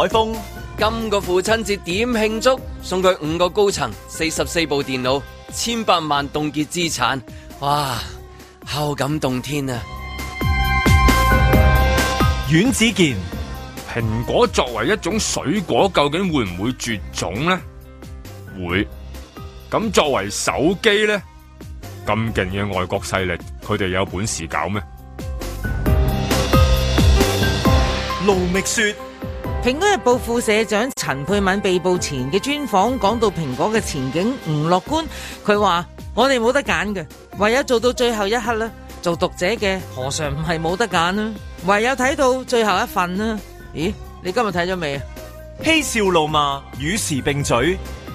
海峰，今個父親節點慶祝？送佢五個高層，四十四部電腦，千百萬凍結資產，哇，孝感動天啊！阮子健，蘋果作為一種水果，究竟會唔會絕種呢？會。咁作為手機呢，咁勁嘅外國勢力，佢哋有本事搞咩？盧覓雪。《蘋果日報》副社長陳沛敏被捕前嘅專訪，講到蘋果嘅前景唔樂觀。佢話：我哋冇得揀嘅，唯有做到最後一刻啦。做讀者嘅，何嘗唔係冇得揀啊？唯有睇到最後一份啊。咦，你今日睇咗未啊？嬉笑怒罵，與時並嘴。」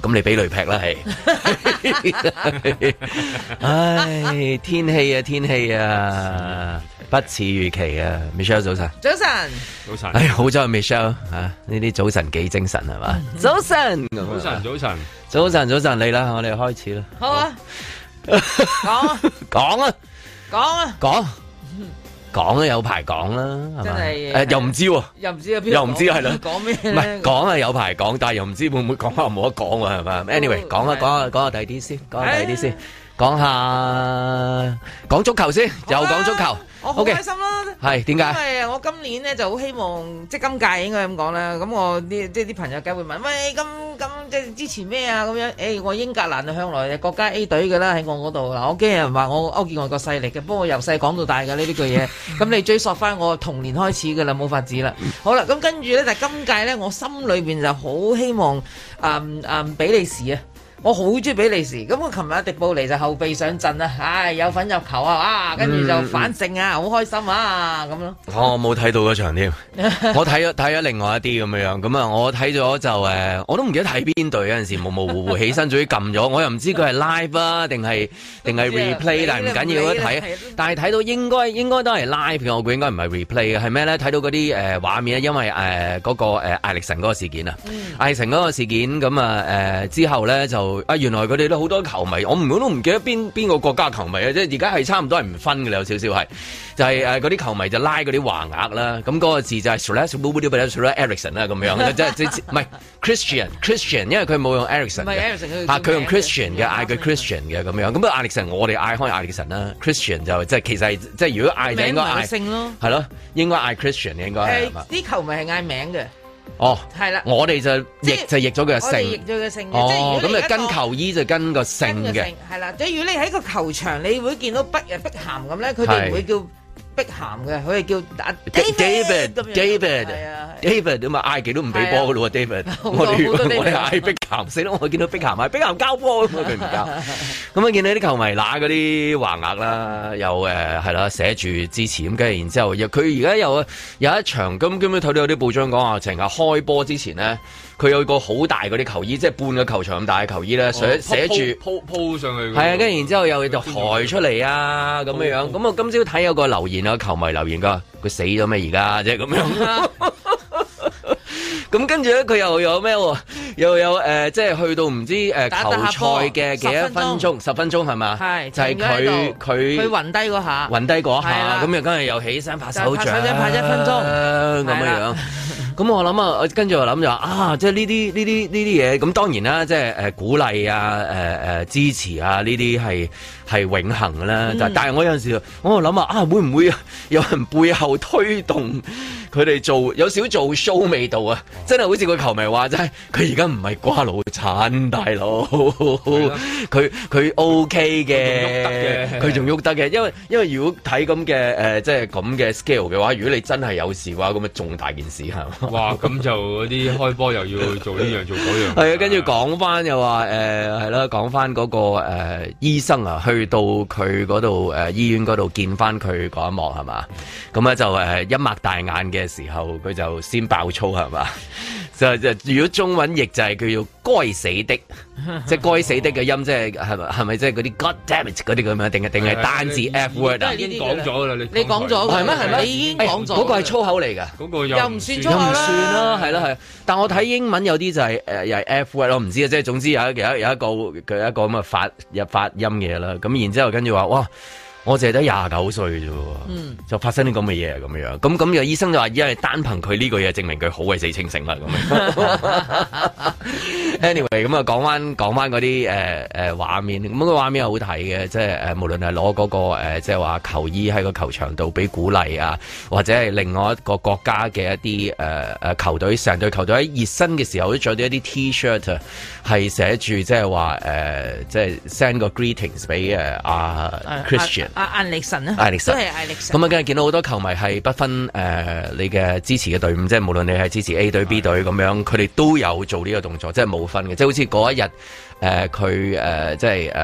咁你俾雷劈啦係，唉天氣啊天氣啊，不似預期啊。Michelle 早晨，早晨，早晨，哎好彩 Michelle 吓呢啲早晨幾精神係嘛？早晨，早晨，早晨，早晨，早晨，早晨你啦，我哋開始啦，好啊，講啊，講啊，講啊，講。講都有排講啦，係咪？誒，又唔知喎，又唔知又唔知係咯，講咩？唔係講係有排講，但係又唔知會唔會講下冇得講喎，係嘛？Anyway，講啦，講下講下第啲先，講下第啲先，講下講足球先，又講足球，O K，開心啦。係點解？因為我今年咧，就好希望，即係今屆應該咁講啦。咁我啲即係啲朋友梗會問，喂，咁咁即係支持咩啊？咁樣，誒、欸，我英格蘭啊向來嘅國家 A 隊嘅啦，喺我嗰度啦，我驚人話我勾結外國勢力嘅，不過我由細講到大嘅呢呢句嘢。咁 你追溯翻我童年開始嘅啦，冇法子啦。好啦，咁跟住咧，就係今屆咧，我心裏邊就好希望，誒、嗯、誒，比利時啊。我好中意比利時，咁我琴日迪布尼就後備上陣啊，唉有份入球啊，哇、啊，跟住就反勝啊，好、嗯、開心啊咁咯。我冇睇到嗰場添， 我睇咗睇咗另外一啲咁嘅樣，咁啊，我睇咗就誒，我都唔記得睇邊隊有陣時，模模糊糊起身總之撳咗。我又唔知佢係 live 啊，定係定係 replay，但係唔緊要都睇。但係睇到應該應該都係 live 嘅，我估應該唔係 replay 嘅，係咩咧？睇到嗰啲誒畫面啊，因為誒嗰、呃那個艾、呃、力神嗰個事件啊，艾、嗯、力神嗰個事件咁啊誒之後咧就。啊，原來佢哋都好多球迷，我唔，我都唔記得邊邊個國家球迷啊，即係而家係差唔多係唔分嘅有少少係，就係誒嗰啲球迷就拉嗰啲橫額啦，咁、那、嗰個字就係 s l e a l e Ericsson 啦，咁樣即係即唔係 Christian Christian，因為佢冇用 Ericsson，e 佢用 Christian 嘅嗌佢 Christian 嘅咁樣，咁啊 e 我哋嗌開阿歷神啦，Christian 就即係其實即係如果嗌就應該嗌係咯，應該嗌 Christian 應該啲球迷係嗌名嘅。哦，係啦，我哋就譯就譯咗佢嘅姓，哦，咁啊跟球衣就跟個姓嘅，係啦，即係如果你喺個球場，你會見到北誒北咸咁咧，佢哋唔會叫。碧咸嘅，佢係叫 David，David，David David, David, David, 啊嘛、啊、，嗌極都唔俾波噶咯喎，David，我哋 我哋嗌碧咸死咯，我見到碧咸咪碧咸交波咁樣，佢唔交，咁啊見到啲球迷揦嗰啲橫額啦，又誒係啦，寫住、啊、支持咁，跟住然之後，佢而家又有一場，咁今日睇到有啲報章講話，成日開波之前咧。佢有個好大嗰啲球衣，即係半個球場咁大嘅球衣咧，寫寫住，鋪、哦、鋪上去，係啊，跟住然之後又就抬出嚟啊，咁樣樣。咁我今朝睇有個留言啊，球迷留言㗎，佢死咗咩而家，即係咁樣。咁跟住咧，佢 又有咩？又有誒、呃，即係去到唔知誒球賽嘅幾多分鐘？十分鐘係嘛？係就係佢佢佢暈低嗰下，暈低嗰下，咁又今日又起身拍手掌，拍一分鐘咁樣樣。咁我諗啊，我跟住我諗就話啊，即係呢啲呢啲呢啲嘢，咁當然啦，即係誒、呃、鼓勵啊，誒、呃、誒支持啊，呢啲係係永恆啦。嗯、但係我有陣時，我諗啊，啊會唔會有人背後推動佢哋做有少少做 show 味道啊？真係好似個球迷話齋，佢而家唔係瓜佬產大佬，佢佢 O K 嘅，佢仲喐得嘅。因為因為如果睇咁嘅誒即係咁嘅 scale 嘅話，如果你真係有事嘅話，咁啊重大件事係嘛？哇，咁就嗰啲開波又要做呢樣做嗰樣，係啊，跟住講翻又話誒係啦，講翻嗰個誒、呃、醫生啊，去到佢嗰度誒醫院嗰度見翻佢嗰一幕係嘛？咁咧就、呃、一擘大眼嘅時候，佢就先爆粗係嘛？ 就就如果中文譯就係叫做該死的。即係該死的嘅音，即係係咪係咪即係嗰啲 God damn it 嗰啲咁樣？定係定係單字 F word 啊？即係呢啲講咗啦，你你講咗係咩係咩？已經講咗嗰個係粗口嚟㗎，嗰個又唔算粗口啦，係啦係。但我睇英文有啲就係誒又係 F word 咯，唔知啊，即係總之有一其他有一個佢一個咁嘅發發音嘅啦。咁然之後跟住話哇。我就係得廿九歲啫，就發生啲咁嘅嘢咁樣，咁咁有醫生就話，因為單憑佢呢句嘢證明佢好鬼死清醒啦。咁樣 ，anyway，咁啊講翻講翻嗰啲誒畫面，咁個畫面又好睇嘅，即係誒無論係攞嗰個、呃、即係話球衣喺個球場度俾鼓勵啊，或者係另外一個國家嘅一啲誒、呃、球隊，成隊球隊喺熱身嘅時候都着咗一啲 T-shirt，係寫住即係話誒，即係、呃、send 個 greetings 俾誒阿 Christian。阿、啊、艾力神咧、啊，都係艾力神。咁啊，今日見到好多球迷係不分誒、呃、你嘅支持嘅隊伍，即係無論你係支持 A 隊 B 隊咁樣，佢哋都有做呢個動作，即係冇分嘅。即係好似嗰一日誒，佢、呃、誒即係誒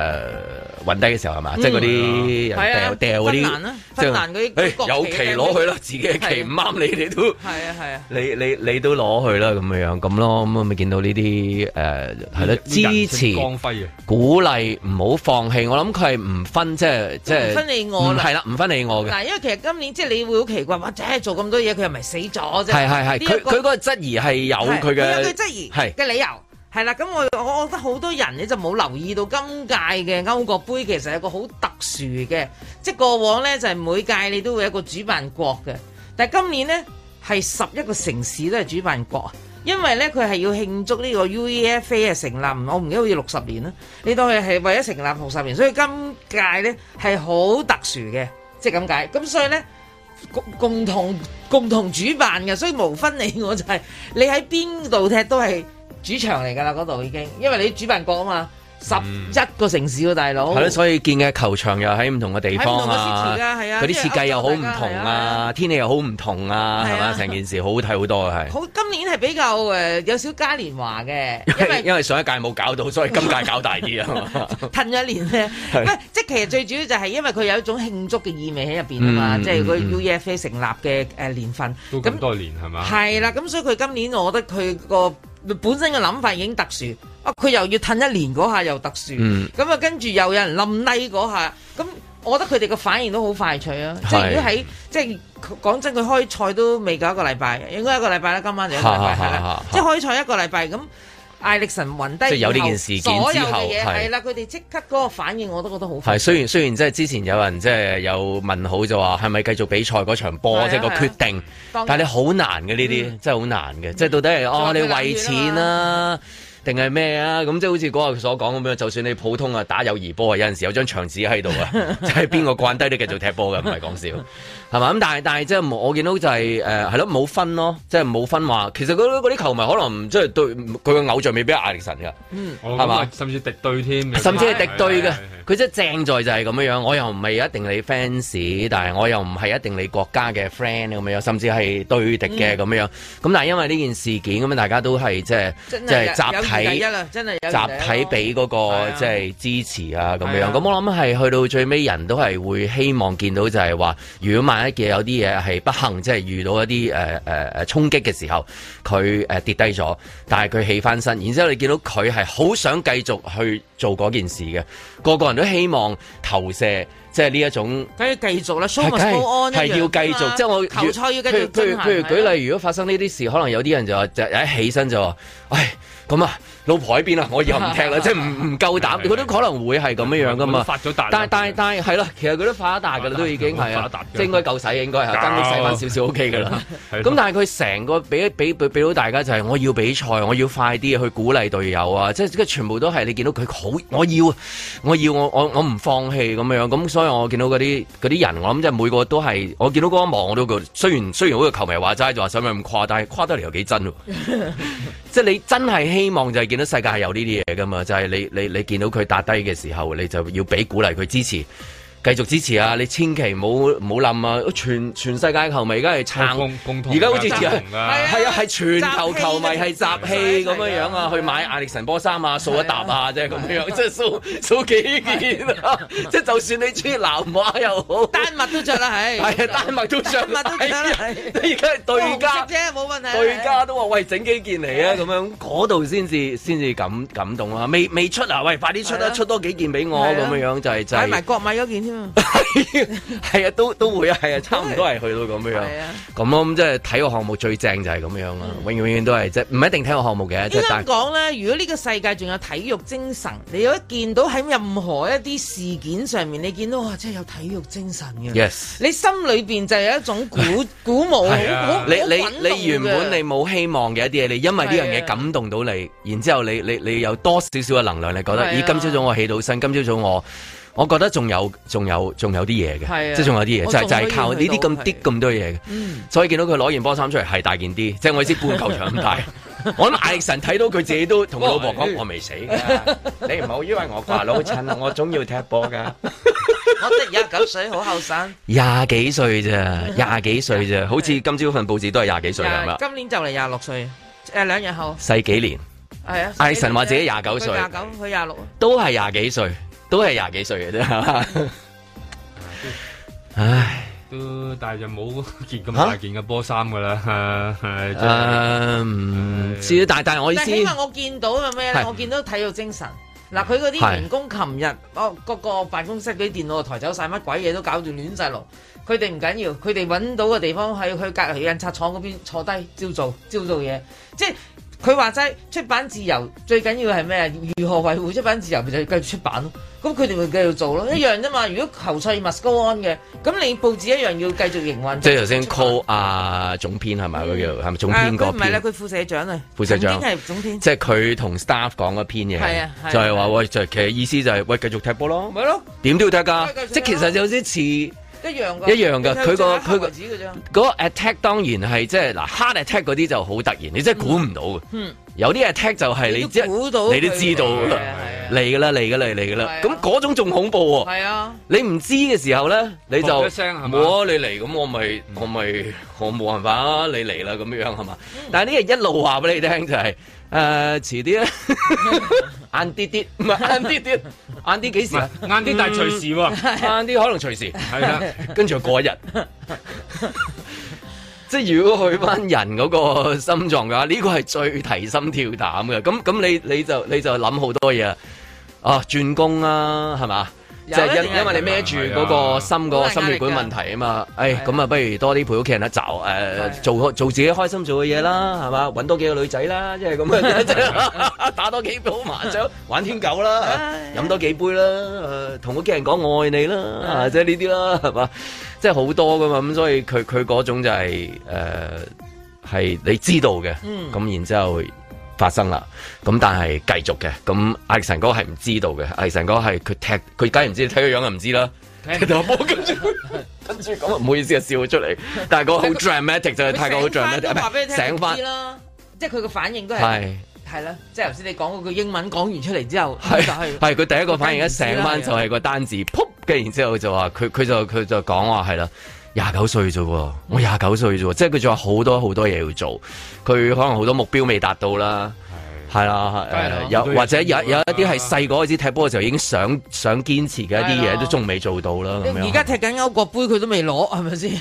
揾低嘅時候係嘛、嗯？即係嗰啲人掉掉嗰啲，即係難嗰啲。欸、有旗攞去啦，自己嘅旗唔啱，你哋都係啊係啊。你你你都攞去啦，咁樣咁咯。咁咪見到呢啲誒係啦支持、光輝、鼓勵，唔好放棄。我諗佢係唔分，即係、嗯、即係。分你我啦，係啦，唔分你我嘅。嗱，因為其實今年即係你會好奇怪，或者做咁多嘢，佢又唔係死咗啫。係係係，佢佢、個質疑係有佢嘅，佢質疑係嘅理由係啦。咁我我覺得好多人咧就冇留意到今屆嘅歐國盃其實係一個好特殊嘅，即係過往咧就係、是、每屆你都會有一個主辦國嘅，但係今年咧係十一個城市都係主辦國。因為咧佢係要慶祝呢個 UEFA 嘅成立，我唔記得好似六十年啦。呢，當佢係為咗成立六十年，所以今屆咧係好特殊嘅，即係咁解。咁所以咧共共同共同主辦嘅，所以無分你我就係、是、你喺邊度踢都係主場嚟㗎啦，嗰度已經，因為你主辦國啊嘛。十一個城市喎，大佬。係咯，所以建嘅球場又喺唔同嘅地方啊。唔同嘅視野啦，係啊。佢啲設計又好唔同啊，天氣又好唔同啊，係嘛？成件事好好睇好多嘅係。好，今年係比較誒有少嘉年華嘅，因為因為上一屆冇搞到，所以今屆搞大啲啊。褪咗一年咧，唔係即係其實最主要就係因為佢有一種慶祝嘅意味喺入邊啊嘛，即係個 UEFA 成立嘅誒年份。都咁多年係嘛？係啦，咁所以佢今年我覺得佢個。本身嘅諗法已經特殊。啊佢又要褪一年嗰下又特殊，咁、嗯、啊、嗯、跟住又有人冧拉嗰下，咁我覺得佢哋嘅反應都好快脆啊！即係如果喺即係講真，佢開賽都未夠一個禮拜，應該一個禮拜啦，今晚就一個禮拜，哈哈哈哈係啦，哈哈即係開賽一個禮拜咁。艾力神暈低，即係有呢件事件之後，係啦，佢哋即刻嗰個反應，我都覺得好。係雖然雖然即係之前有人即係有問好就話，係咪繼續比賽嗰場波即係個決定？但係你好難嘅呢啲，真係好難嘅，即、就、係、係、到底係、嗯、哦你為錢啊？嗯定係咩啊？咁即係好似嗰日所講咁樣，就算你普通啊，打友誼波啊，有陣時有張牆紙喺度啊，即係邊個慣低你繼續踢波嘅，唔係講笑，係嘛？咁但係但係即係我見到就係誒係咯，冇、呃、分咯，即係冇分話。其實嗰嗰啲球迷可能即係對佢嘅偶像未必亞力神㗎，嗯、哦，係嘛？甚至敵對添，甚至係敵對嘅。佢真係正在就係咁樣，我又唔係一定你 fans，但係我又唔係一定你國家嘅 friend 咁樣，甚至係對敵嘅咁樣。咁但係因為呢件事件咁大家都係即係即係集體，一真一集體俾嗰、那個即係、啊就是、支持啊咁樣。咁、啊、我諗係去到最尾，人都係會希望見到就係話，如果萬一嘅有啲嘢係不幸，即、就、係、是、遇到一啲誒誒誒衝擊嘅時候，佢、呃、跌低咗，但係佢起翻身，然之後你見到佢係好想繼續去做嗰件事嘅。個個人都希望投射，即係呢一種。咁要繼續啦，所以，m 係要繼續，即係我球賽要繼續進行。譬如譬如舉例，如果發生呢啲事，可能有啲人就話，就一起身就話，唉。咁啊，老婆喺邊啊？我以後唔踢啦， 即係唔唔夠膽，佢都可能會係咁樣樣噶嘛是是是是。發咗大但，但係但係但係係咯，其實佢都發咗大噶啦，都已經係，即係應該夠使，應該係，根本使翻少少 OK 噶啦。咁 但係佢成個俾俾俾到大家就係我要比賽，我要快啲去鼓勵隊友啊！即係即全部都係你見到佢好，我要我要我我我唔放棄咁樣咁，所以我見到嗰啲啲人，我諗即係每個都係我見到嗰一望我都覺雖然雖然個球迷話齋就話使咪咁誇，但係誇得嚟又幾真咯。 即係你真係希望就係見到世界係有呢啲嘢㗎嘛，就係你你你見到佢打低嘅時候，你就要俾鼓勵佢支持。繼續支持啊！你千祈唔好諗啊！全全世界球迷而家係撐，而家好似係係啊，係、啊、全球球迷係集氣咁樣樣啊！去買阿力神波衫啊，掃一笪啊，即係咁樣，即係掃掃幾件啊！即係、啊、就算你鍾意南華又好，丹麥都着啦，係係啊，丹麥都着，今日、啊、都係，而家係對家啫，冇問題，對家都話喂整幾件嚟啊！咁樣嗰度先至先至感感動啊！未未出啊！喂，快啲出啊！出多幾件俾我咁樣、啊、樣就係就係埋國米件嗯，係啊，都都會啊，係啊，差唔多係去到咁樣，咁咯，啊，咁即係體育項目最正就係咁樣啦，嗯，永遠永遠都係即唔一定體育項目嘅。點解講咧？如果呢個世界仲有體育精神，你如果見到喺任何一啲事件上面，你見到哇，真係有體育精神嘅，yes，你心裏邊就有一種鼓鼓舞，你你你，你原本你冇希望嘅一啲嘢，你因為呢樣嘢感動到你，啊、然之後你你你有多少少嘅能量，你覺得，咦、啊哎，今朝早我起到身，今朝早我。我覺得仲有仲有仲有啲嘢嘅，即係仲有啲嘢，就係就係靠呢啲咁啲咁多嘢嘅。所以見到佢攞完波衫出嚟，係大件啲，即係我意思半球場咁大。我諗艾神睇到佢自己都同老婆講：我未死嘅，你唔好以為我掛老襯啦，我總要踢波㗎。我得廿九歲，好後生。廿幾歲咋？廿幾歲咋？好似今朝份報紙都係廿幾歲係嘛？今年就嚟廿六歲，誒兩日後。細幾年？係啊。艾神話自己廿九歲。佢廿九，佢廿六。都係廿幾歲。都係廿幾歲嘅啫，唉，都但係就冇件咁大件嘅波衫噶啦，係誒，知啦，但係但我意思，起碼我見到係咩咧？我見到體育精神。嗱、啊，佢嗰啲員工琴日，哦，各個辦公室嗰啲電腦台走晒，乜鬼嘢都搞到亂晒籠。佢哋唔緊要，佢哋搵到嘅地方係去隔籬印刷廠嗰邊坐低，朝做朝做嘢，即係。佢話齋出版自由最緊要係咩？如何維護出版自由，其實要、就是、繼續出版咯。咁佢哋會繼續做咯，一樣啫嘛。如果求賽麥高 n 嘅，咁你報紙一樣要繼續營運。即係頭先 call 阿總編係咪？佢叫係咪總編講？唔係、嗯啊、啦，佢副社長啊。副社長，副社長總即係佢同 staff 講嗰篇嘢，就係、是、話、啊啊、喂，就是、其實意思就係、是、喂，繼續踢波咯。唔咯，點都要踢噶。即係其實有啲似。一樣噶，一樣噶，佢、個佢個嗰個 attack 當然係即係嗱 hard attack 嗰啲就好突然，嗯、你真係估唔到嘅。嗯，有啲 attack 就係你估到，你都知道啦，嚟噶啦，嚟噶啦，嚟噶啦。咁嗰、啊啊、種仲恐怖喎。係啊，你唔知嘅時候咧，你就冇啊，你嚟，咁我咪我咪我冇辦法，你嚟啦咁樣係嘛？但呢個一路話俾你聽就係、係。誒、uh,，遲啲啦，晏啲啲，唔係晏啲啲，晏啲幾時啊？晏啲但係隨時喎，晏啲可能隨時，係 跟住又過一日。 即係如果去翻人嗰個心臟嘅話，呢、這個係最提心跳膽嘅。咁咁你你就你就諗好多嘢啊！啊，轉工啦、啊，係咪啊？就因因為你孭住嗰個心嗰個心血管問題啊嘛，唉咁啊不如多啲陪屋企人一走，呃、做做自己開心做嘅嘢啦，係嘛？揾多幾個女仔啦，即係咁打多幾鋪麻雀，玩天狗啦，飲多幾杯啦，同屋企人講愛你啦，即係呢啲啦，係嘛？即係好多噶嘛，咁所以佢佢嗰種就係誒係你知道嘅，咁然之後。發生啦，咁但係繼續嘅，咁艾神哥係唔知道嘅，艾神哥係佢踢佢梗係唔知，睇個樣就唔知啦。到波跟住跟住咁唔好意思 dramatic, dramatic，啊，笑咗出嚟，但係個好 dramatic 就係太過好 dramatic。醒翻，即係佢個反應都係係啦，即係頭先你講嗰句英文講完出嚟之後，係係係，佢、係、第一個反應，一醒翻就係個單字，噗，跟然之後就話佢佢就佢就講話係啦。廿九歲啫喎，我廿九歲啫喎，即係佢仲有好多好多嘢要做，佢可能好多目標未達到啦，係啦，有或者有有，有一啲係細個開始踢波嘅時候已經想想堅持嘅一啲嘢都仲未做到啦，咁樣。而家踢緊歐國盃佢都未攞，係咪先？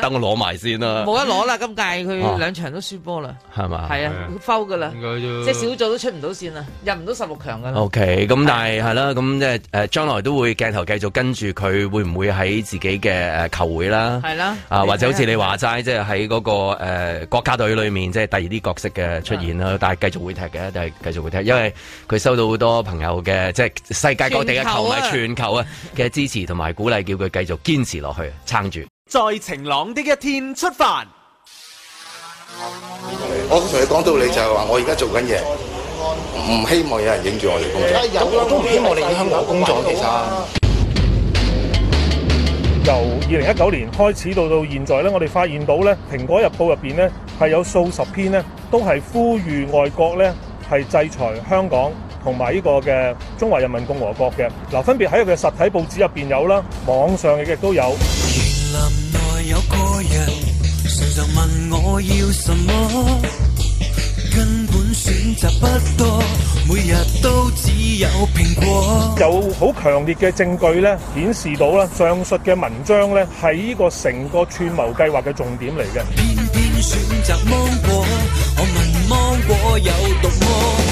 等 我攞埋先啦！冇、嗯、得攞啦，今屆佢兩場都輸波啦，係嘛？係啊，佢 foul 噶啦，即係、啊就是、小組都出唔到線啦，入唔到十六強噶。O K，咁但係係啦，咁即係誒，將來都會鏡頭繼續跟住佢，會唔會喺自己嘅誒球會啦？係啦，啊或者好似你話齋，即係喺嗰個誒國家隊裏面，即係第二啲角色嘅出現啦。但係繼續會踢嘅，但係繼續會踢，因為佢收到好多朋友嘅即係世界各地嘅球迷、全球啊嘅支持同埋鼓勵，叫佢繼續堅持落去。在晴朗的一天出發。我同你講道理，就係話，我而家做緊嘢，唔希望有人影住我哋工作。有，都唔希望你影響我工作。其實由二零一九年開始到到現在咧，我哋發現到咧，《蘋果日報》入邊咧係有數十篇呢都係呼籲外國咧係制裁香港同埋呢個嘅中華人民共和國嘅嗱，分別喺佢嘅實體報紙入邊有啦，網上嘅亦都有。個人想想問我要什麼？根本選擇不多，每日都只有蘋果。有好強烈嘅證據咧，顯示到啦，上述嘅文章咧，係呢個成個串謀計劃嘅重點嚟嘅。偏偏選擇芒果，我問芒果有毒咩？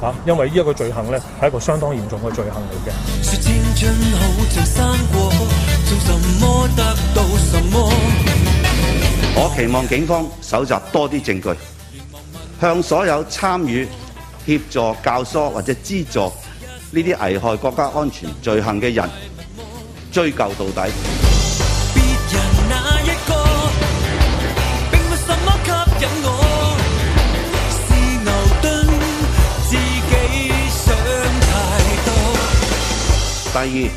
吓，因為呢一個罪行咧，係一個相當嚴重嘅罪行嚟嘅。我期望警方搜集多啲證據，向所有參與協助教唆或者資助呢啲危害國家安全罪行嘅人追究到底。第二，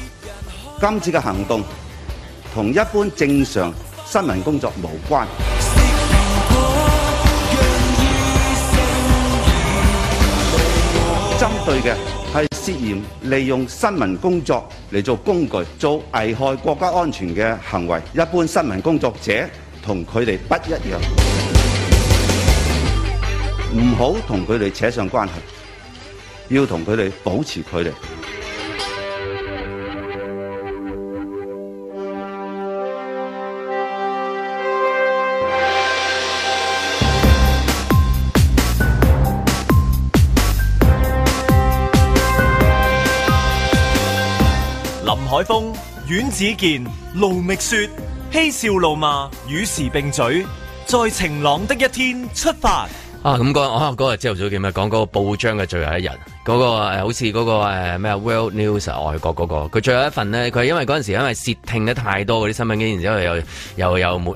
今次嘅行動同一般正常新聞工作無關。針對嘅係涉嫌利用新聞工作嚟做工具，做危害國家安全嘅行為。一般新聞工作者同佢哋不一樣，唔好同佢哋扯上關係，要同佢哋保持距離。阮子健、盧覓雪，嬉笑怒罵與時並嘴，在晴朗的一天出發。啊，咁、嗰、講、嗰，日啊，日朝頭早點啊，講個報章嘅最後一日。嗰、那個誒、呃、好似、那個誒誒咩 World News、啊、外國、那個佢最後一份咧，佢因為陣時因為竊聽得太多啲新聞機，然之後又又有冇誒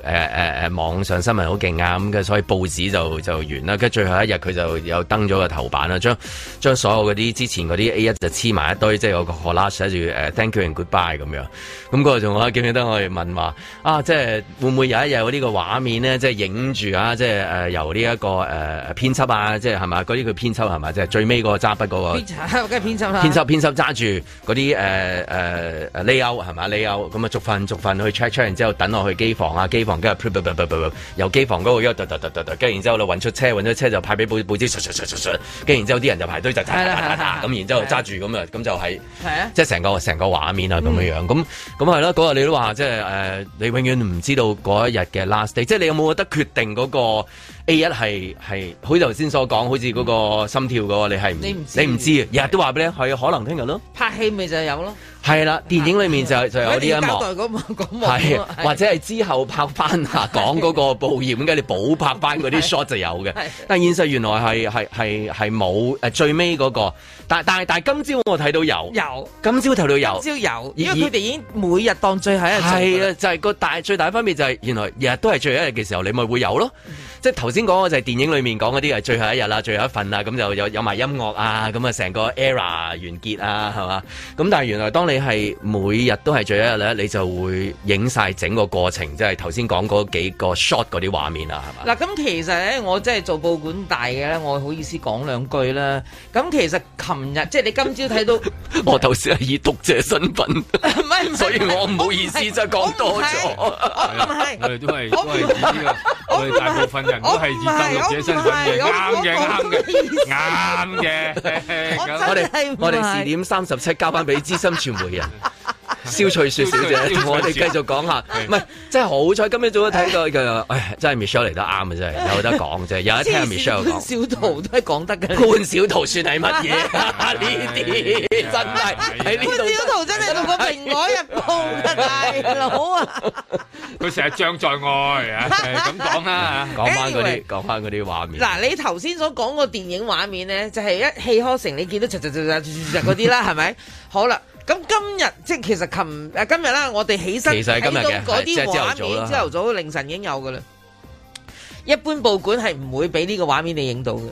誒誒網上新聞好勁啊咁嘅，所以報紙就就完啦。跟住最後一日佢就有登咗個頭版啦，將將所有啲之前啲 A1 就黐埋一堆，即係個 collage 住誒 thank you and goodbye 咁樣咁、那個仲啊記唔記得我哋問話啊？即係會唔會有一日有個呢個畫面咧？即係影住啊！即係誒、呃、由呢、這、一個誒編輯啊，即係係咪嗰啲佢編輯係嘛？即係最尾個揸筆。編輯？梗係編輯揸住嗰啲誒誒誒，layout 係嘛 layout？咁啊，逐份逐份去 check check，然之後等我去機房啊，機房跟住由機房嗰度跟住然之後揾、呃呃呃呃呃呃呃、出車，揾咗車就派俾部部跟住然之後啲人就排隊就咁、呃呃呃，然之後揸住咁啊，咁就係係啊，即係成個成個畫面啊，咁、嗯、樣樣咁咁係嗰日你都話即係誒、呃，你永遠唔知道嗰一日嘅 last day，即係你有冇得決定嗰、嗰個。A 一係係好似頭先所講，好似嗰個心跳嘅喎，你係你唔你唔知啊。日日都話俾你，係可能聽日咯，拍戲咪就有咯。係啦，電影裏面就就有呢一幕。麼交、嗰個係嗰個、幕係係或者係之後拍翻下講嗰個報業解你補拍翻嗰啲 shot 就有嘅。但現實原來係係係係冇誒最尾嗰、嗰個，但但係但係今朝我睇到有，有今朝睇到有，今朝有，因為佢哋已經每日當最後一日係啊，就係、係、個大最大分別就係、係、原來日日都係最後一日嘅時候，你咪會有咯。嗯、即係頭先講嘅就係、係、電影裏面講嗰啲係最後一日啦，最後一份啦，咁就有有埋音樂啊，咁啊成個 era 完結啊，係嘛？咁但係原來當你你係每日都係最後一日，你就會影晒整個過程，即係頭先講嗰幾個 shot 嗰啲畫面啦，係嘛？嗱，咁其實咧，我真係做報館大嘅咧，我好意思講兩句啦。咁其實琴日，即係你今朝睇到，我頭先係以讀者身份，唔係，所以我唔好意思，即係講多咗。唔係，都係都係以呢個，我哋大部分人都係以讀者身份。啱嘅，啱嘅，啱嘅。我哋我哋四點三十七交翻俾資深傳媒。人蕭翠雪小姐，我哋繼續講下，唔係，真係好彩今日早都睇到。嘅，真係 Michelle 嚟得啱嘅真係，有得講嘅、啊啊、真係，有、啊啊、得聽 Michelle 講。小圖都係講得嘅，小圖算係乜嘢？呢啲真係官小圖真係同個蘋果日報嘅大佬啊！佢成日將在外 anyway, 講那些講那些畫啊，咁講啦，講翻嗰啲，講翻嗰啲畫面。嗱，你頭先所講個電影畫面咧，就係、是、一氣呵成，你見到嚓嚓嚓嚓嚓嗰啲啦，係咪？好啦。咁今日即係其實琴誒今日啦，我哋起身睇到嗰啲畫面，朝頭早，早，上早上凌晨已經有嘅啦。一般報館係唔會俾呢個畫面你影到嘅。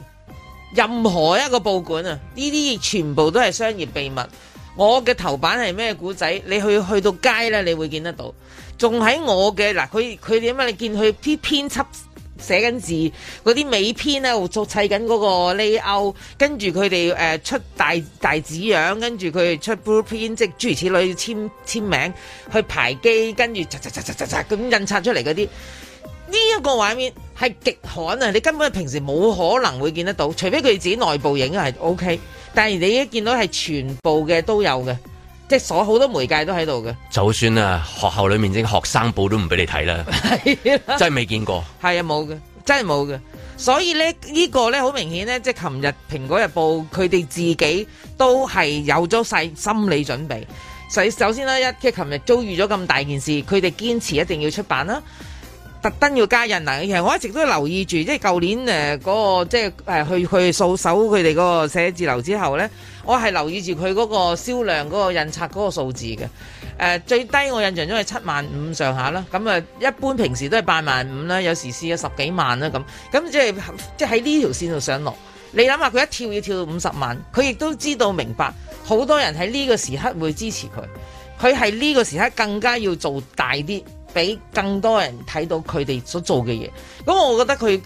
任何一個報館啊，呢啲全部都係商業祕密。我嘅頭版係咩古仔，你去去到街咧，你會見得到。仲，喺我嘅嗱，佢佢點解？你見佢啲編輯。寫緊字，嗰啲美編咧，又做砌緊嗰個 layout，跟住佢哋誒出大大紙樣，跟住佢哋出 blue print，即係諸如此類簽簽名去排機，跟住扎扎扎扎扎扎咁印刷出嚟嗰啲，呢、這、一個畫面係極罕啊！你根本平時冇可能會見得到，除非佢哋自己內部影係 OK，但係你一見到係全部嘅都有嘅。即係所好多媒介都喺度嘅，就算啊學校裏面啲學生報都唔俾你睇啦， 真係未見過，係啊冇嘅，真係冇嘅。所以咧呢個咧好明顯咧，即係琴日蘋果日報佢哋自己都係有咗晒心理準備。首首先啦，一即係琴日遭遇咗咁大件事，佢哋堅持一定要出版啦。特登要加印嗱，其實我一直都留意住，即係舊年誒、那、嗰個即係誒去去掃搜佢哋嗰個寫字樓之後呢，我係留意住佢嗰個銷量嗰個印刷嗰個數字嘅、呃、最低我印象中係七萬五上下啦，咁誒一般平時都係八萬五啦，有時試咗十幾萬啦咁，咁即係即係喺呢條線度上落。你諗下佢一跳要跳到五十萬，佢亦都知道明白好多人喺呢個時刻會支持佢，佢喺呢個時刻更加要做大啲。俾更多人睇到佢哋所做嘅嘢，咁我覺得佢。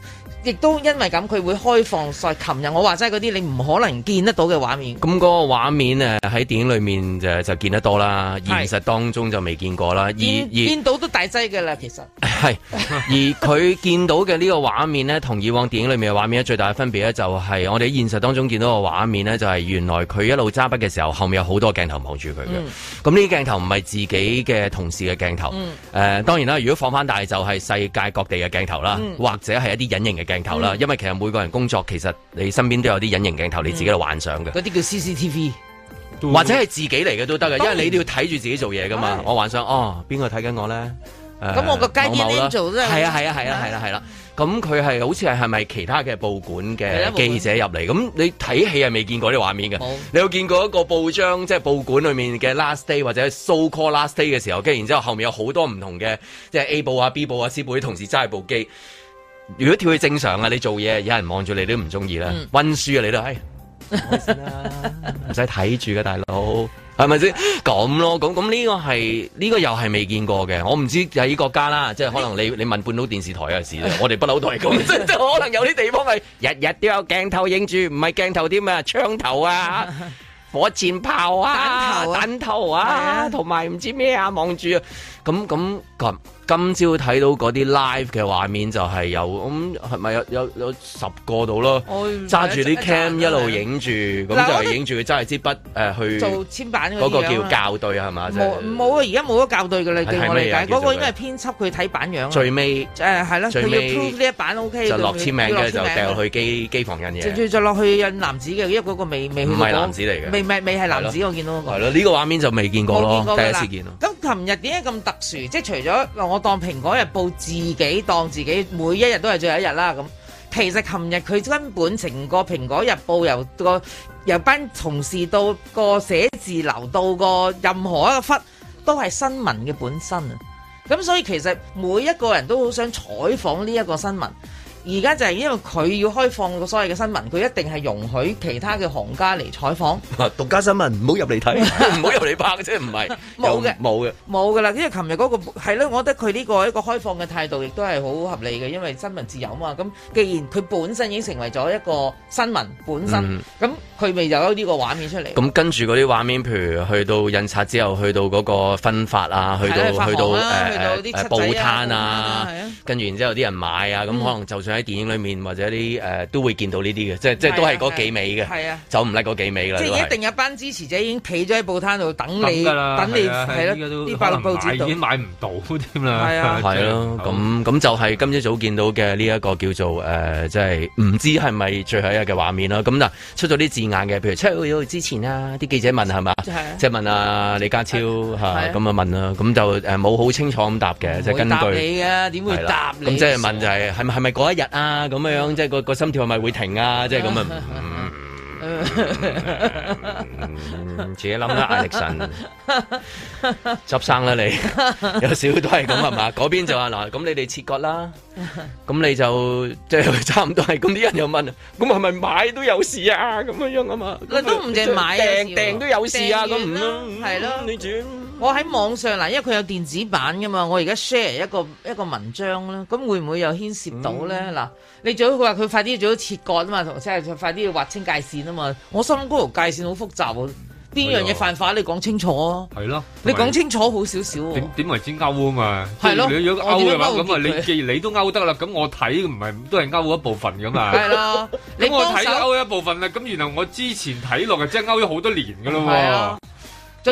亦都因為咁，佢會開放晒。琴日我話齋嗰啲你唔可能見得到嘅畫面。咁嗰個畫面誒喺電影裏面就就見得多啦，現實當中就未見過啦。而見，見到都大劑嘅啦，其實係。 而佢見到嘅呢個畫面咧，同以往電影裏面嘅畫面咧，最大嘅分別咧就係我哋現實當中見到個畫面咧，就係原來佢一路揸筆嘅時候，後面有好多鏡頭望住佢嘅。咁呢啲鏡頭唔係自己嘅同事嘅鏡頭。誒、嗯呃，當然啦，如果放翻大就係世界各地嘅鏡頭啦、嗯，或者係一啲隱形嘅。鏡頭啦，因為其實每個人工作，其實你身邊都有啲隱形鏡頭，你自己都幻想嘅。嗰啲叫 CCTV，或者係自己嚟嘅都得㗎，因為你都要睇住自己做嘢噶嘛。我幻想哦，邊個睇緊我咧？咁、呃、我個街邊咧做啫。係啊係啊係啊係啦係啦。咁佢係好似係係咪其他嘅報館嘅記者入嚟？咁、啊、你睇戲係未見過啲畫面嘅？你有見過一個報章，即、就、係、是、報館裏面嘅 last day 或者 so call last day 嘅時候跟住然之後後面有好多唔同嘅，即係 A 部啊 B 部啊 C 部啲、啊、同事揸住部機。如果跳去正常、嗯、啊，你做嘢有人望住你都唔中、哎、意啦，溫書啊你都係，唔使睇住㗎大佬，係咪先？咁 咯，咁咁呢個係呢個又係未見過嘅，我唔知喺國家啦，即係可能你你問半島電視台嘅事咧， 我哋不嬲都係講，即係即係可能有啲地方係日日都有鏡頭影住，唔係鏡頭添啊，槍頭啊。 火箭炮啊，彈頭啊，同埋唔知咩啊，望住咁咁今今朝睇到嗰啲 live 嘅畫面就係有咁係咪有有有十個度咯？揸住啲 cam 一路影住，咁就係影住佢揸支筆誒去做簽版嗰個叫校對係嘛？冇、那、冇、個、啊！而家冇咗校對噶啦，據、啊啊、我理解，嗰、啊那個應該係編輯佢睇版樣。最尾、啊、最係咯，佢要 prove 呢一版 OK 就落簽名嘅，就掉落去機機房印嘢。就落、啊、去印藍紙嘅，因為嗰個未未唔係藍紙嚟嘅。未未係男子，我見到個係咯，呢個畫面就未見過咯，第一次見咯。咁琴日點解咁特殊？即係除咗我當《蘋果日報》自己當自己，每一日都係最後一日啦。咁其實琴日佢根本成個《蘋果日報》由個由班同事到個寫字樓到個任何一個忽都係新聞嘅本身啊！咁所以其實每一個人都好想採訪呢一個新聞。而家就係因為佢要開放個所謂嘅新聞，佢一定係容許其他嘅行家嚟採訪。獨家新聞唔好入嚟睇，唔好入嚟拍嘅啫，唔係，冇 嘅，冇嘅，冇㗎啦。因為琴日嗰個係咯，我覺得佢呢個一個開放嘅態度亦都係好合理嘅，因為新聞自由啊嘛。咁既然佢本身已經成為咗一個新聞本身，咁佢咪就有呢個畫面出嚟。咁跟住嗰啲畫面，譬如去到印刷之後，去到嗰個分發啊，去到、呃、去到誒誒誒報攤啊，啊啊嗯、跟住然之後啲人買啊，咁、嗯、可能就算。.喺電影裏面或者啲誒、呃、都會見到呢啲嘅，即係即係都係嗰幾尾嘅，走唔甩嗰幾尾啦、啊。即係一定有班支持者已經企咗喺報攤度等你，等你係咯。啲百樂報紙已經買唔到添啦。係啊，咯、 啊，咁咁、啊啊嗯、就係今朝早見到嘅呢一個叫做誒，即係唔知係咪最後一日嘅畫面咯。咁嗱，出咗啲字眼嘅，譬如七秒之前啦、啊，啲記者問係嘛？即係、啊就係、問阿、啊、李家超咁啊，啊，啊，啊咁就問啦、啊，咁、啊、就誒冇好清楚咁答嘅，即係根據。答你嘅，點會答？咁即係問就係係係咪嗰一日？啊，咁樣即係個個心跳係咪會停啊？即係咁啊，自己諗啦，阿力神執生啦，你有少少都係咁係嘛？嗰邊就話嗱，咁你哋切割啦，咁你就即係差唔多係咁。啲人又問啊，咁係咪買都有事啊？咁樣樣啊嘛，都唔淨買，訂訂都有事啊？咁唔咯，係咯，你轉。我喺網上嗱，因為佢有電子版噶嘛，我而家 share 一個一個文章啦，咁會唔會又牽涉到咧？嗱、嗯，你最好佢話佢快啲早切割要啊小小小、哦、嘛，即係快啲要劃清界線啊嘛。我心諗嗰條界線好複雜啊，邊樣嘢犯法你講清楚啊。係咯，你講清楚好少少。點點為之勾啊嘛？係咯，如果勾嘅話，咁啊你既你都勾得啦，咁我睇唔係都係勾一部分噶嘛。係啦、啊，咁我睇勾一部分啦，咁原來我之前睇落啊，即係勾咗好多年噶咯。係啊。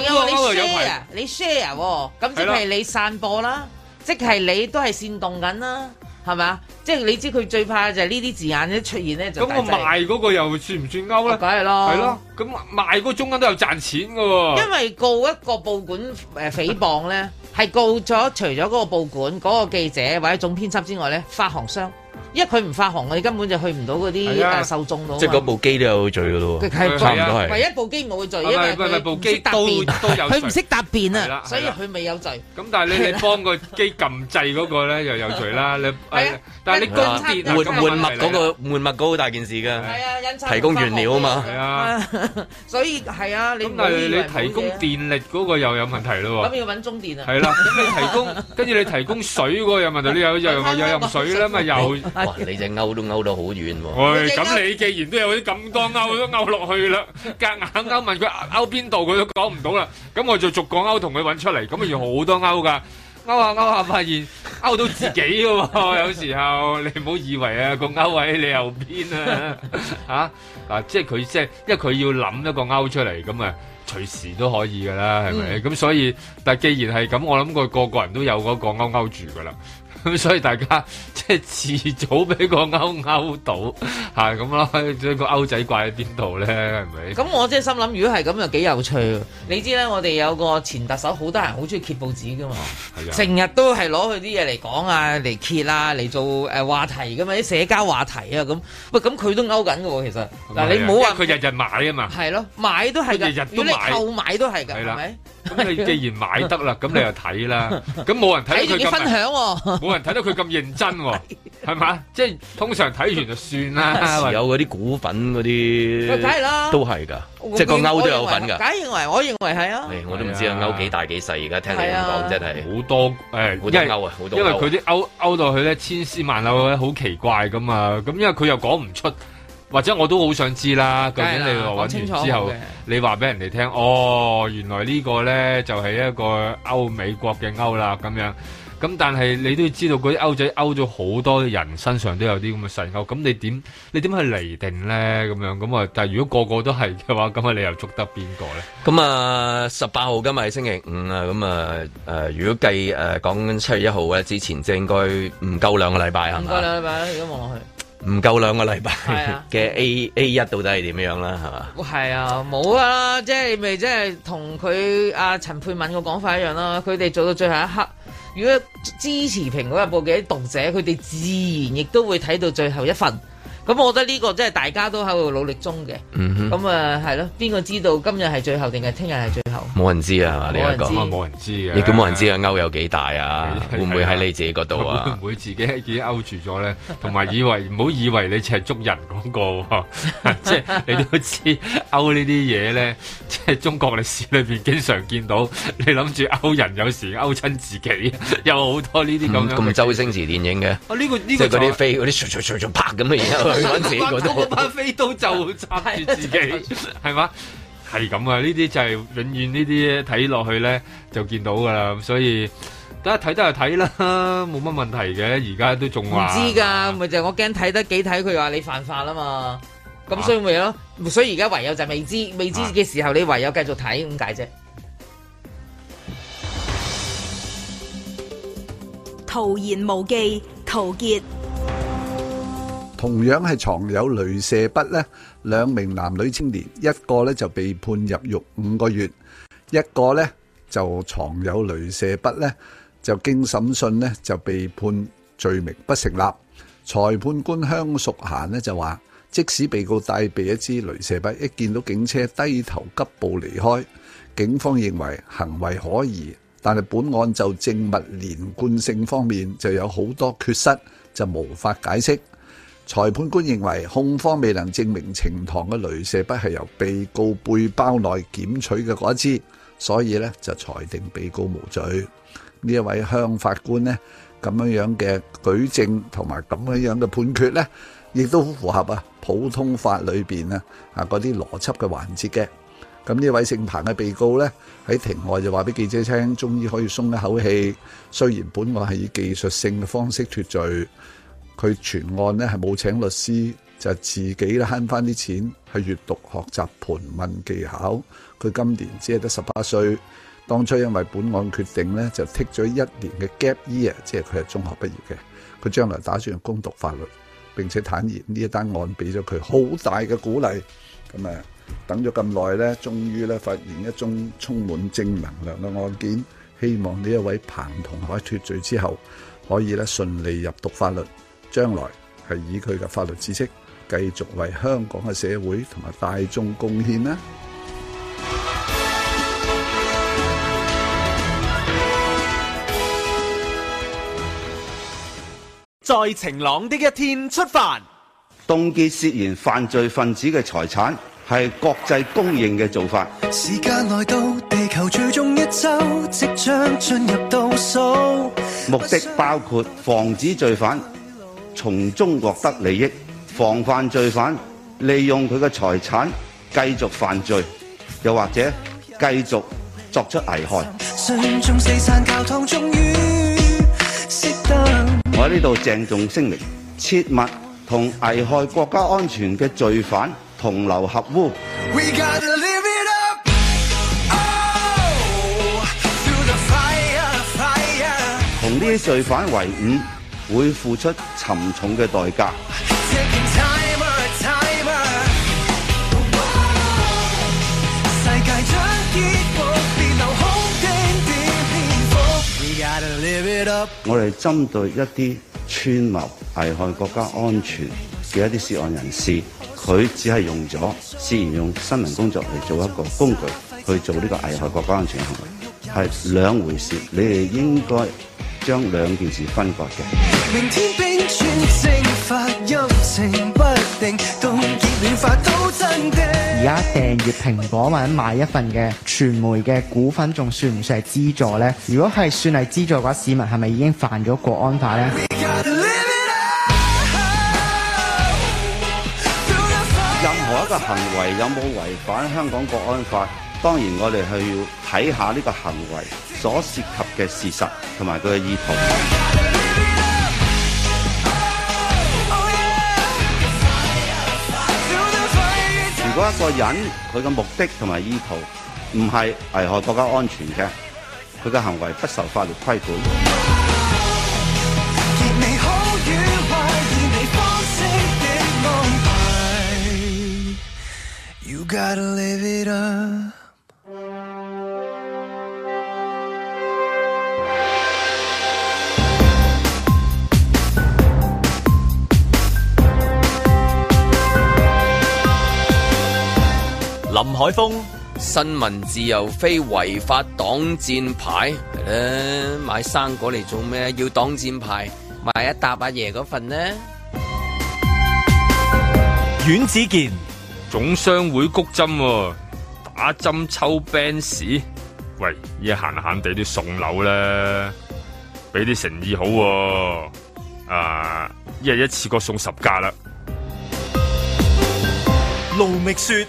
仲有你 share，你 share 喎，咁即係你散播啦，即係你都係煽動緊啦，係咪啊？即係你知佢最怕就係呢啲字眼一出現咧，就咁我賣嗰個又算唔算勾咧？梗係咯，係咯，咁賣嗰個中間都有賺錢嘅喎。因為告一個報館誒，誹謗咧，係告咗除咗嗰個報館嗰個記者或者總編輯之外咧，發行商。因為佢唔發行，佢根本就去唔到嗰啲大受眾度啊嘛，即係嗰部機都有罪噶咯喎，係係啊係，唯一部機冇罪，因為佢唔識答辯，佢唔識答辯啊，所以佢未有罪。咁但係咧，你幫個機撳掣嗰個咧又有罪啦，你係啊，但係你供電、換換物嗰個換物嗰個大件事噶，係啊，提供原料啊嘛，係啊，所以係啊，你咁但係你提供電力嗰個又有問題咯喎，咁要搵中電啊，係啦，咁你提供，跟住你提供水嗰個有問題，你有又又又用水咧，咪又。哇！你隻勾都勾到好遠喎，咁你既然都有啲咁多勾都勾落去啦，隔硬勾問佢勾邊度，佢都講唔到啦。咁我就逐個勾同佢揾出嚟，咁啊要好多勾噶，勾下勾下發現勾到自己噶，有時候你唔好以為啊個勾位喺你右邊啊，吓嗱，即係佢即係，因為佢要諗一個勾出嚟，咁啊隨時都可以噶啦，係咪？咁所以，但既然係咁，我諗佢個個人都有嗰個勾勾住噶啦。咁所以大家即係遲早俾個勾勾到係咁咯，即係個勾仔掛喺邊度咧？係咪？咁我真係心諗，如果係咁又幾有趣喎！你知咧，我哋有個前特首，好多人好中意揭報紙噶嘛，成日都係攞佢啲嘢嚟講啊，嚟揭啊，嚟做誒話題噶嘛，啲社交話題啊咁。喂，咁佢都勾緊嘅喎，其實嗱，你唔好話佢日日買啊嘛，係咯，買都係，日日買。咁你購買都係噶，係啦，係咪？咁你既然買得啦，咁、啊、你又睇啦。咁 冇人睇到佢咁分享，冇、啊、人睇到佢咁認真、啊，係嘛、啊？即係通常睇完就算啦。 有嗰啲股份嗰啲， 都係咯，都係噶。即係個勾都有份㗎。假認為，我認為係啊。我都唔知啊，勾幾大幾細。而家聽你咁講真係好多誒，好、欸、多勾啊，好多、啊、因為佢啲勾勾到佢咧，千絲萬縷好奇怪㗎嘛！咁因為佢又講唔出。或者我都好想知啦，究竟你揾完之後，你話俾人哋聽，哦，原來呢個咧就係一個歐美國嘅歐啦，咁樣。咁但係你都要知道，嗰啲歐仔歐咗好多人身上都有啲咁嘅神歐，咁你點你點去釐定咧？咁樣咁啊！但係如果個個都係嘅話，咁啊你又捉得邊個咧？咁啊，十八號今日係星期五啊，咁啊，呃，如果計誒講緊七月一號咧之前，即應該唔夠兩個禮拜係嘛？唔夠兩個禮拜啦，望落去。唔夠兩個禮拜嘅 A、啊、A 一到底係點樣啦？係嘛，係啊，冇啊，即係咪即係同佢阿陳佩敏嘅講法一樣啦。佢哋做到最後一刻，如果支持蘋果日報嘅啲讀者，佢哋自然亦都會睇到最後一份。咁我覺得呢、這個真係大家都喺度努力中嘅，咁啊係咯，邊個知道今日係最後定係聽日係最後？冇人知啊！你一個冇人知啊。你咁冇人知啊？勾有幾大啊？會唔會喺你自己嗰度啊？會唔會自己喺自己勾住咗咧？同 埋以為唔好以為你淨係捉人嗰個、啊，即 係 你都知勾呢啲嘢咧，即、就、係、是、中國歷史裏面，經常見到。你諗住勾人，有時勾親自己，有好多呢啲咁咁周星馳電影嘅，即、啊、呢、這個啲、這個就是就是、飛啲拍咁嘅嘢。 佢搵這個都好，嗰班飛刀就插住自己 是，係嘛？係咁啊！這些就是、這些看下呢啲就係永遠呢啲睇落去咧，就見到噶啦。所以大家睇都係睇啦，冇乜問題嘅。而家都仲話唔知噶，咪就係我驚睇得幾睇，佢話你犯法啊嘛。咁所以咪、就、咯、是啊，所以而家唯有就未知未知嘅時候、啊，你唯有繼續睇咁解啫。陶言無忌，陶傑。同樣係藏有鐳射筆呢，兩名男女青年，一個呢就被判入獄五個月，一個呢就藏有鐳射筆呢，就經審訊呢就被判罪名不成立。裁判官香淑嫻呢就話：即使被告帶備一支鐳射筆，一見到警車低頭急步離開，警方認為行為可疑，但係本案就證物連貫性方面就有好多缺失，就無法解釋。裁判官認為控方未能證明呈堂嘅鐳射筆係由被告背包內檢取嘅嗰一支，所以呢就裁定被告無罪。呢一位鄉法官呢，咁樣樣嘅舉證同埋咁樣樣嘅判決呢，亦都好符合啊普通法裏邊啊啊嗰啲邏輯嘅環節嘅。咁呢位姓彭嘅被告呢，喺庭外就話俾記者聽，終於可以鬆一口氣，雖然本案係以技術性嘅方式脱罪。佢全案咧係冇請律師，就自己慳翻啲錢去閱讀、學習盤問技巧。佢今年只係得十八歲，當初因為本案決定咧就剔咗一年嘅 gap year，即係佢係中學畢業嘅。佢將來打算攻讀法律。並且坦言呢一單案俾咗佢好大嘅鼓勵。咁啊，等咗咁耐咧，終於咧發現一宗充滿正能量嘅案件。希望呢一位彭同學脱罪之後，可以咧順利入讀法律。將來係以佢嘅法律知識，繼續為香港嘅社會同埋大眾貢獻呢。在晴朗的一天出發。凍結涉嫌犯罪分子嘅財產係國際公認嘅做法。時間來到地球最終一周即將進入倒數，目的包括防止罪犯。從中獲得利益，防範罪犯利用佢嘅財產繼續犯罪，又或者繼續作出危害。我喺呢度鄭重聲明：切勿同危害國家安全嘅罪犯同流合污，同呢啲罪犯為伍。會付出沉重嘅代價。我哋針對一啲串謀危害國家安全嘅一啲涉案人士，佢只係用咗，涉嫌用新聞工作嚟做一個工具，去做呢個危害國家安全行為，係兩回事。你哋應該將兩件事分割嘅。而家訂閱蘋果或者買一份嘅傳媒嘅股份，仲算唔算係資助咧？如果係算係資助嘅話，市民係咪已經犯咗國安法咧？任何一個行為有冇違反香港國安法？當然，我哋係要睇下呢個行為所涉及嘅事實同埋佢嘅意圖。如果一個人，佢嘅目的同埋意圖唔係危害國家安全嘅，佢嘅行為不受法律規管。林海峰新聞自由非違法戰，擋箭牌係咧。買生果嚟做咩？要擋箭牌買一搭阿爺嗰份呢？阮子健總商會谷針、啊，打針抽 Benz。喂，依家閒閒地啲送樓呢，俾啲誠意好啊。啊，一日一次過送十架啦。盧覓雪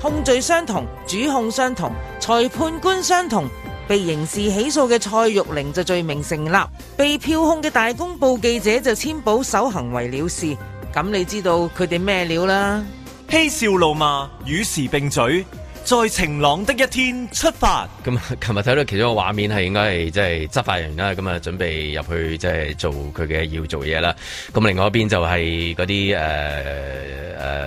控罪相同，主控相同，裁判官相同，被刑事起訴嘅蔡玉玲就罪名成立，被票控嘅大公報記者就簽保守行為了事。咁你知道佢哋咩料啦？嬉笑怒罵，與時並舉。在晴朗的一天出發。咁，琴日睇到其中一個畫面係應該係即係執法人員啦，咁啊準備入去即係做佢嘅要做嘢啦。咁另外一邊就係嗰啲誒誒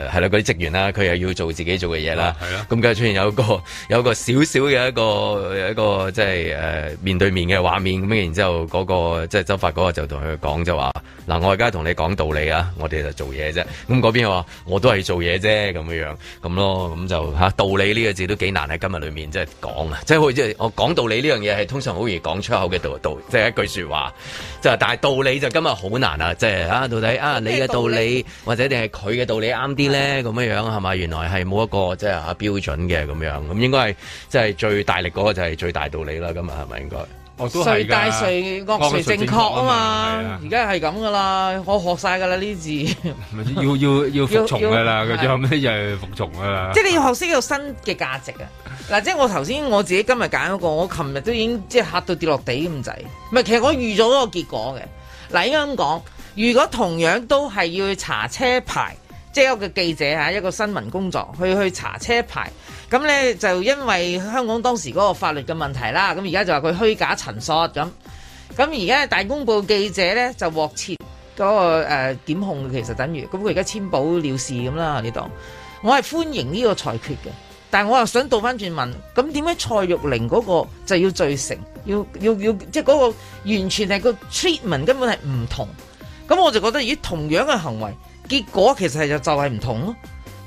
係啦，嗰啲職員啦，佢又要做自己做嘅嘢啦。係啊。咁梗係出現有一個有個少少嘅一個小小一個即係誒面對面嘅畫面。咁然之後嗰個即係執法嗰個就同佢講就話嗱、呃，我而家同你講道理那那啊，我哋就做嘢啫。咁嗰邊話我都係做嘢啫，咁樣樣咁咯，咁就吓道理呢個。字都幾難喺今日裏面即係、就是、講啊，即、就、係、是、好似我講道理呢樣嘢係通常好易講出口嘅道道，即係、就是、一句説話就係、是，但係道理就今日好難啊！即、就、係、是、啊，到底啊你嘅道理，是道理的或者定係佢嘅道理啱啲咧？咁樣樣係咪？原來係冇一個即係、就是、啊標準嘅咁樣，咁應該係即係最大力嗰個就係最大道理啦！今日係咪應該？我、哦、都係嘅，誰大誰惡誰正確啊嘛！而家係咁噶啦，我學晒噶啦呢字，要要要服從噶啦，佢、 啊、最後尾就係服從噶啦。即係你要學識一個新嘅價值啊！嗱， 即係我頭先我自己今日揀嗰個，我琴日都已經即係嚇到跌落地咁滯。唔係，其實我預咗嗰個結果嘅。嗱，應該咁講，如果同樣都係要去查車牌，即係一個記者嚇一個新聞工作，去去查車牌。咁咧就因為香港當時嗰個法律嘅問題啦，咁而家就話佢虛假陳述咁。咁而家大公報記者咧就獲撤嗰、那個誒、呃、檢控，其實等於咁佢而家簽保了事咁啦，呢度我係歡迎呢個裁決嘅，但係我又想倒翻轉問，咁點解蔡玉玲嗰個就要罪成，要要要即係嗰個完全係個 treatment 根本係唔同，咁我就覺得咦，同樣嘅行為，結果其實就就係唔同咯。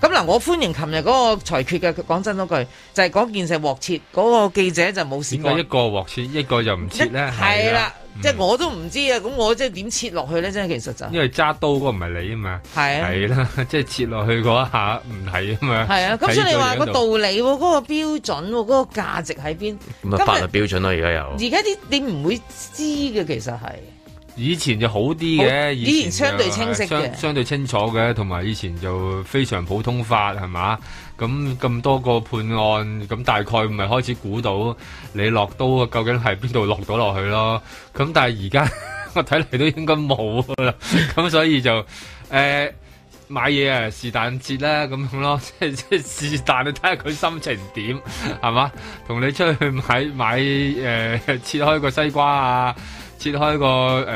咁、嗯、嗱，我歡迎琴日嗰個裁決嘅。講真多句，就係、是、講件事獲切嗰、那個記者就冇事，過。點解一個獲切，一個就唔切咧？係啦、啊啊嗯，即係我都唔知啊。咁我即係點切落去咧？即係其實就是、因為揸刀嗰個唔係你啊嘛。係啊，啦、啊，即、就、係、是、切落去嗰一下唔係啊嘛。係啊，咁所以你話個道理嗰、啊那個標準嗰、啊那個價值喺邊？咁啊法律標準咯、啊，而家又而家啲你唔會知嘅其實係。以前就好啲嘅，以前相對清晰嘅，相相對清楚嘅，同埋以前就非常普通法，係嘛？咁咁多個判案，咁大概唔係開始估到你落刀究竟係邊度落到落去咯？咁但係而家我睇嚟都應該冇啦。咁所以就誒、呃、買嘢啊，是但切啦，咁咁咯，即即是但你睇下佢心情點，係嘛？同你出去買買誒、呃、切開個西瓜啊！切開個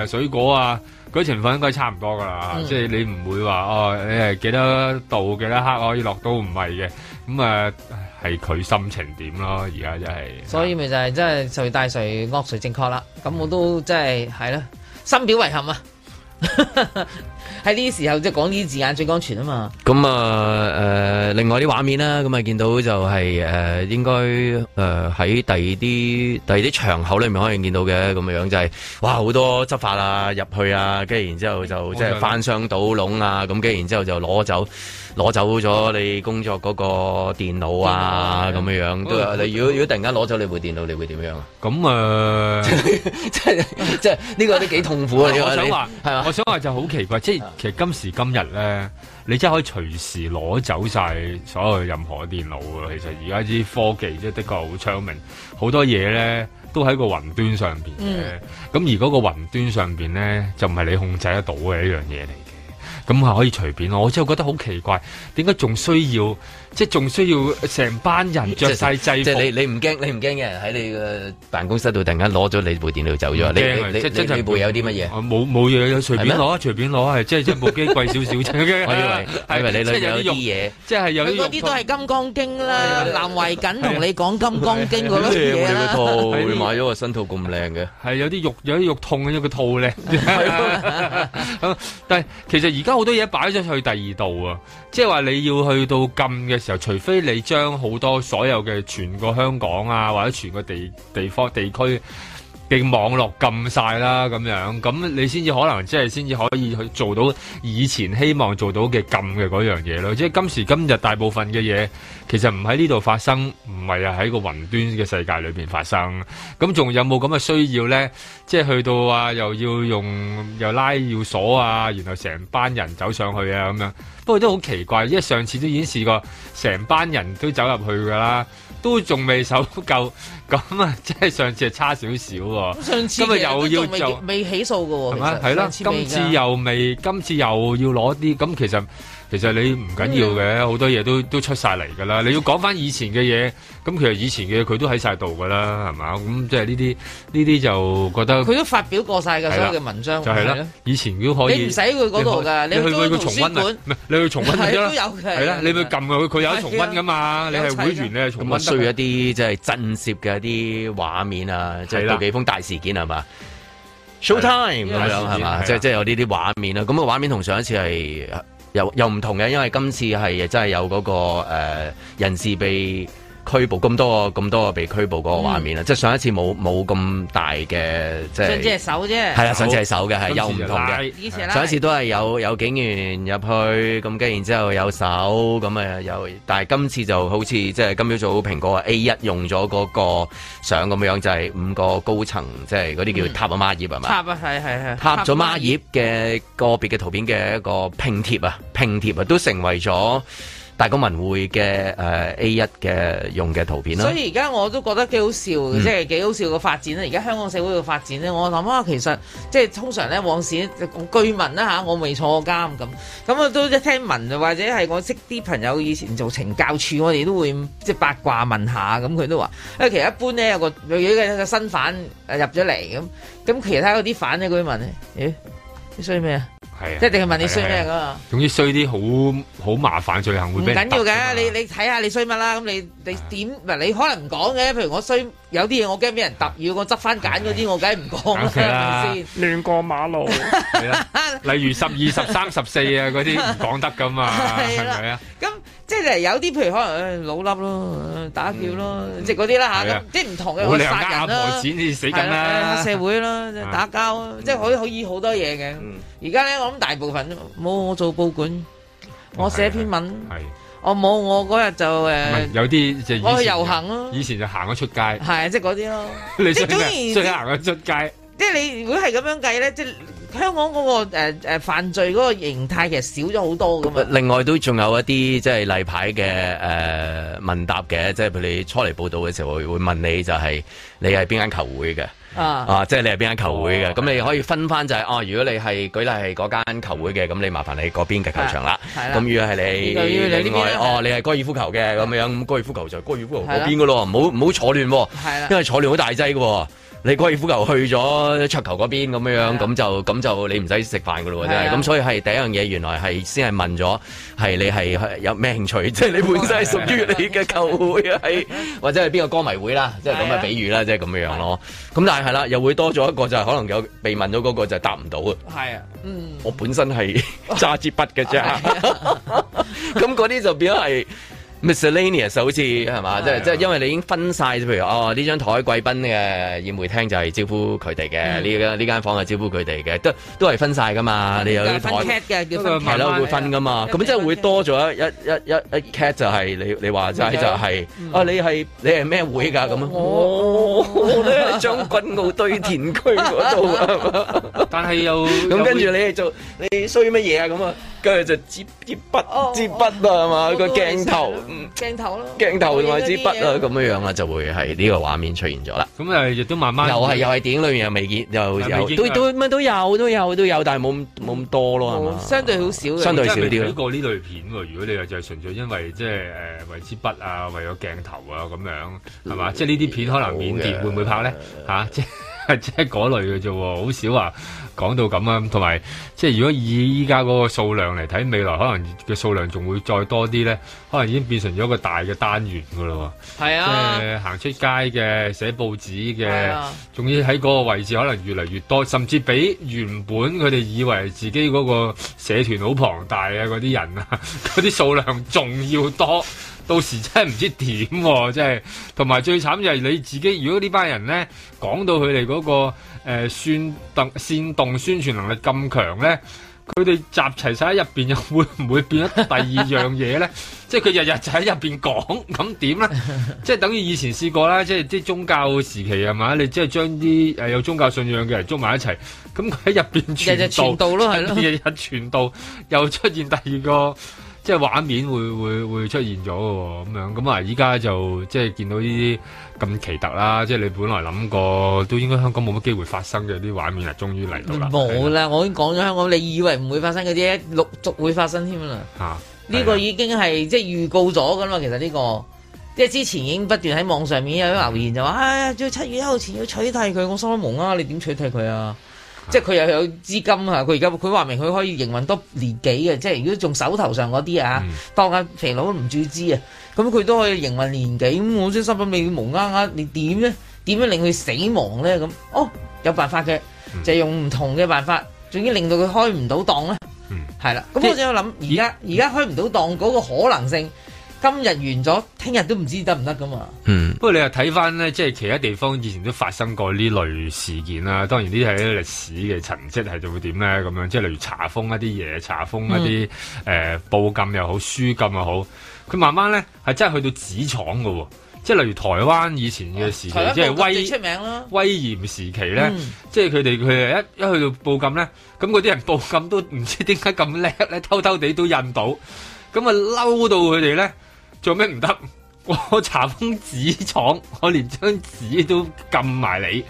誒水果啊，嗰、那、啲、個、情況應該差唔多㗎啦，嗯、即係你唔會話哦，你係幾多度幾多克可以落到唔係嘅，咁啊係佢心情點咯，而家真係。所以咪就係真係誰大誰惡誰正確啦，咁我都真係係啦，深、嗯、表遺憾啊。 喺呢啲時候即係講呢啲字眼最安全啊嘛。咁啊，誒、呃，另外啲畫面啦，咁啊見到就係、是、誒、呃，應該誒喺第二啲第二啲場口裏面可以見到嘅咁嘅樣、就是，就係哇好多執法啊入去啊，跟住然之後就即係、就是、翻箱倒籠啊，咁跟住然之後就攞走攞走咗你工作嗰個電腦啊，咁嘅樣都你如果如果突然間攞走你部電腦，你會點樣啊？咁啊，即係即係呢個都幾痛苦啊！我想話係啊，我想話就好奇怪， 即其實今時今日咧，你真係可以隨時攞走晒所有任何電腦。其實而家啲科技真係的確好昌明，好多嘢咧都喺個雲端上邊嘅。咁、嗯、而嗰個雲端上邊咧，就唔係你控制得到嘅一樣嘢嚟嘅。咁係可以隨便咯。我真係覺得好奇怪，點解仲需要？即係仲需要成班人着晒制服。即係你你唔驚你唔驚嘅？人喺你嘅辦公室度突然間攞咗你，你，你，你，你部電腦走咗，你即係即部有啲乜嘢？冇冇嘢，隨便攞，隨便攞係、 就係、即係一部機貴少少啫。係咪？係咪你攞有啲嘢？即係有啲。都係《金剛經》啦、啊，難為緊同你講《金剛經的東西》嗰啲嘢啦。啊啊、買咗個新套咁靚嘅，係有啲肉有啲肉痛，因為個套靚。 但係其實而家好多嘢擺咗去第二度啊，即係話你要去到咁嘅。就除非你將好多所有嘅全個香港啊，或者全個地地方地區，嘅網絡禁晒啦，咁樣咁你先至可能即係先至可以去做到以前希望做到嘅禁嘅嗰樣嘢咯。即係今時今日大部分嘅嘢其實唔喺呢度發生，唔係啊喺個雲端嘅世界裏面發生。咁仲有冇咁嘅需要呢？即係去到啊，又要用又拉要鎖啊，然後成班人走上去啊咁樣。不過都好奇怪，因為上次都已經試過，成班人都走入去噶啦，都仲未守夠。咁啊，即係上次係差少少喎。咁上次，咁啊又要做，未起訴嘅喎。係咪？係啦，今次又未，今次又要攞啲。咁其實。其實你唔緊要嘅，好、嗯、多嘢都都出晒嚟噶啦。你要講翻以前嘅嘢，咁其實以前嘅嘢佢都喺晒度噶啦，係嘛？咁即係呢啲呢啲就覺得佢都發表過晒嘅所有嘅文章，就係、是、啦。以前都可以，你唔使去嗰度噶，你去嗰個圖書館，唔係你去重溫啦。係啦，你去撳佢，佢有重溫噶嘛？你係會員，你係重溫得。需要一啲即係震懾嘅一啲畫面啊，即係杜琪峰大事件係嘛？Show time 咁樣係嘛？即係即係有呢啲畫面啊。咁啊，畫面同上一次係又又唔同嘅，因為今次係真係有嗰個誒、呃、人士被拘捕咁多個，咁多個被拘捕嗰個畫面啊、嗯！即係上一次冇冇咁大嘅，即係上隻手啫。係啦，上隻手嘅係又唔同嘅。上一次都係有有警員入去咁跟，然之後，後有手咁啊有，但係今次就好似即係今朝早蘋果啊 A1 用咗嗰個相咁樣，就係、係、五個高層即係嗰啲叫塔阿孖葉係嘛？塔啊係係係塔咗孖葉嘅個別嘅圖片嘅一個拼貼啊，拼貼啊都成為咗。大公文匯嘅誒 A 一嘅用嘅圖片啦，所以而家我都覺得幾好笑，嗯、即係幾好笑嘅發展咧。而家香港社會嘅發展咧，我諗啊，其實即係通常咧，往時居民啦嚇，我未坐過監咁，咁啊都一聽聞或者係我識啲朋友以前做懲教處，我哋都會即係八卦問下咁，佢都話，其實一般咧有個有個新犯入咗嚟咁，咁其他嗰啲犯咧佢問咧，誒、欸，你想咩啊？係即係，一定係問你衰咩噶嘛？總之衰啲好好麻煩罪行會。唔緊要嘅，你你睇下你衰乜啦？咁你你點？唔、啊、你可能唔講嘅。譬如我衰有啲嘢、啊，我驚俾人揼，如果我執翻揀嗰啲，我梗係唔講啦。亂過馬路， 啊、例如十二十三十四啊嗰啲唔講得噶嘛。係啦、啊，咁、啊啊啊、即係有啲譬如可能、哎、老笠咯，打劫咯、嗯嗯，即係嗰啲啦吓，即係唔同嘅殺人啦。社會啦，打交啊，即係可可以好多嘢嘅。而家咧咁大部分，冇我做報館、哦，我寫篇文，我冇我嗰日就誒，有啲即係我去遊行咯、啊，以前就行咗出街，係即係嗰啲咯，即係終於即係行咗出街，即係你如果係咁樣計咧，即係。香港嗰、那個誒誒、呃、犯罪嗰個形態其實少咗好多噶。另外都仲有一啲即係例牌嘅誒問答嘅，即係譬如你初嚟報道嘅時候會問你就係、是、你係邊間球會嘅啊即係、啊就是、你係邊間球會嘅，咁、哦、你可以分翻，就係、是、哦、啊，如果你係舉例係嗰間球會嘅，咁你麻煩你嗰邊嘅球場啦。咁如果係另外、啊、另外哦，你係高爾夫球嘅咁樣，咁高爾夫球就係高爾夫球嗰邊噶咯，唔好唔好坐亂，因為坐亂好大劑噶、哦。你高爾夫球去咗桌球嗰邊咁樣樣，咁、啊、就咁就你唔使食飯噶咯喎，真係、啊，咁所以係第一樣嘢，原來係先係問咗，係你係有咩興趣，即係、啊就是、你本身係屬於你嘅球會啊，係、啊啊、或者係邊個歌迷會啦，即係咁嘅比喻啦，即係咁樣樣咯。咁、啊、但係係啦，又會多咗一個就係可能有被問到嗰個就答唔到係，係啊，嗯，我本身係揸支筆嘅啫，咁嗰啲就變咗係。Miscellaneous 好似係嘛，即係即係，因為你已經分晒，譬如哦呢張台貴賓嘅宴會廳就係招呼佢哋嘅，呢呢間房係招呼佢哋嘅，都都係分晒噶嘛、嗯。你有分 cat 嘅係咯，分會分噶嘛？咁、啊、即係會多咗一一一一一 cat 就係、是、你你話齋就係、是、啊，啊，你係你係咩會噶咁啊？我咧喺將軍澳堆填區嗰度， 但係又咁跟住你嚟做，你需要乜嘢啊？咁啊，跟住就接筆、哦、接筆接筆啊嘛，哦那個鏡頭。嗯，鏡頭咯，鏡頭同埋支筆啊，咁樣樣啊，就會係呢個畫面出現咗啦。咁誒亦都慢慢又係又係電影裏面又未見，又有都都乜都有都有都有,都有，但係冇冇咁多咯、哦，相對好少，相對少啲。你睇過呢類片喎、嗯？如果你話就係純粹因為即係誒為支筆啊，為咗鏡頭啊咁樣係嘛？即係呢啲片可能緬甸會唔會拍咧？吓、嗯？ 即係即係嗰類嘅啫，好少啊。講到咁啊，同埋即係如果以依家嗰個數量嚟睇，未來可能嘅數量仲會再多啲呢，可能已經變成咗一個大嘅單元噶喇喎。係啊，即係行出街嘅寫報紙嘅，仲要喺嗰個位置，可能越嚟越多，甚至比原本佢哋以為自己嗰個社團好龐大啊嗰啲人啊，嗰啲數量仲要多。到時真係唔知點喎、啊，即係同埋最慘就係你自己。如果呢班人咧講到佢哋嗰個誒煽、呃、動、煽動宣傳能力咁強咧，佢哋集齊晒喺入面，又會唔會變咗第二樣嘢咧？ 即係佢日日就喺入面講，咁點咧？ 即係等於以前試過啦，即係宗教時期係嘛？你即係將啲有宗教信仰嘅人捉埋一齊，咁佢喺入邊傳道囉，係囉，日日傳道，又出現第二個。即係畫面會會會出現咗嘅咁樣，咁啊依家就即係見到呢啲咁奇特啦！即係你本來諗過都應該香港冇乜機會發生嘅啲畫面就終於，係終於嚟到啦。冇啦，我已經講咗香港，你以為唔會發生嗰啲，陸續會發生添啦。吓、啊，呢、這個已經係即係預告咗噶啦。其實呢、這個即係之前已經不斷喺網上面有留言就話：，嗯哎、要七月一號前要取締佢，我心都蒙啊！你點取締佢啊？即係佢又有資金啊！佢而家佢話明佢可以營運多年幾嘅，即係如果仲手頭上嗰啲、嗯、啊，當阿肥佬都唔注資啊，咁佢都可以營運年幾咁、嗯。我真心諗未無啱啱，你點咧？點樣令佢死亡咧？咁哦，有辦法嘅、嗯，就係、用唔同嘅辦法，仲要令到佢開唔到檔啦。係、嗯、啦，咁我就係諗而家而家開唔到檔嗰個可能性。今日完咗，聽日都唔知得唔得㗎嘛？嗯，不過你又睇返咧，即係其他地方以前都發生過呢類事件啦、啊。當然呢啲係歷史嘅痕跡，係就會點咧咁樣，即係例如查封一啲嘢，查封一啲誒、嗯呃、報禁又好，書禁又好。佢慢慢咧係真係去到紙廠㗎喎、啊，即係例如台灣以前嘅時期，即係威，威嚴時期咧、嗯，即係佢哋佢係一一去到報禁咧，咁嗰啲人報禁都唔知點解咁叻咧，偷偷地都印到，咁啊嬲到佢哋咧。做咩唔得？我查封紙廠，我連張紙都撳埋你，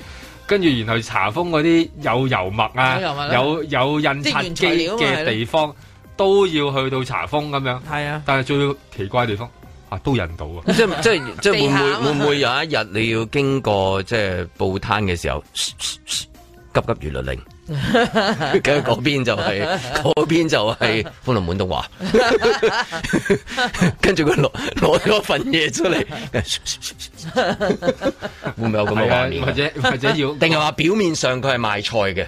跟住然後查封嗰啲有油墨啊，有有印刷機嘅地方都要去到查封咁樣。係啊，但係最奇怪地方啊，都印到啊！即係即係即係會唔會會唔會有一日你要經過即係報攤嘅時候，急急如律令？跟住佢嗰邊就係、是，嗰 邊就係歡樂滿東華，跟住佢攞攞咗份嘢出嚟。 會唔會有咁嘅概念？或者或者要，定係話表面上佢係賣菜嘅，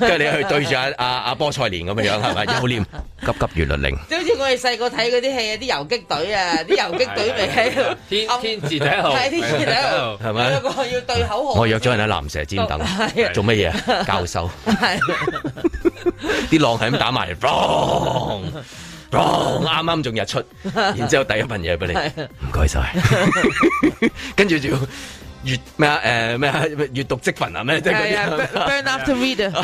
跟住你去對住阿阿阿菠菜蓮咁嘅樣啊！口念 急急如律令，即好似我哋細個睇嗰啲戲啊，啲游擊隊啊，啲游擊隊咪喺度天字第一號天字第一號係咪？有個要對口號，我約咗人喺藍蛇尖等， 做乜嘢？教授，啲 浪係咁打埋嚟。 啱啱仲日出，然之後第一份嘢俾你，唔該晒， 跟住仲要。閱咩啊？誒咩閱讀積分啊？咩、啊？係啊、yeah, yeah, ，burn after to reader 啊，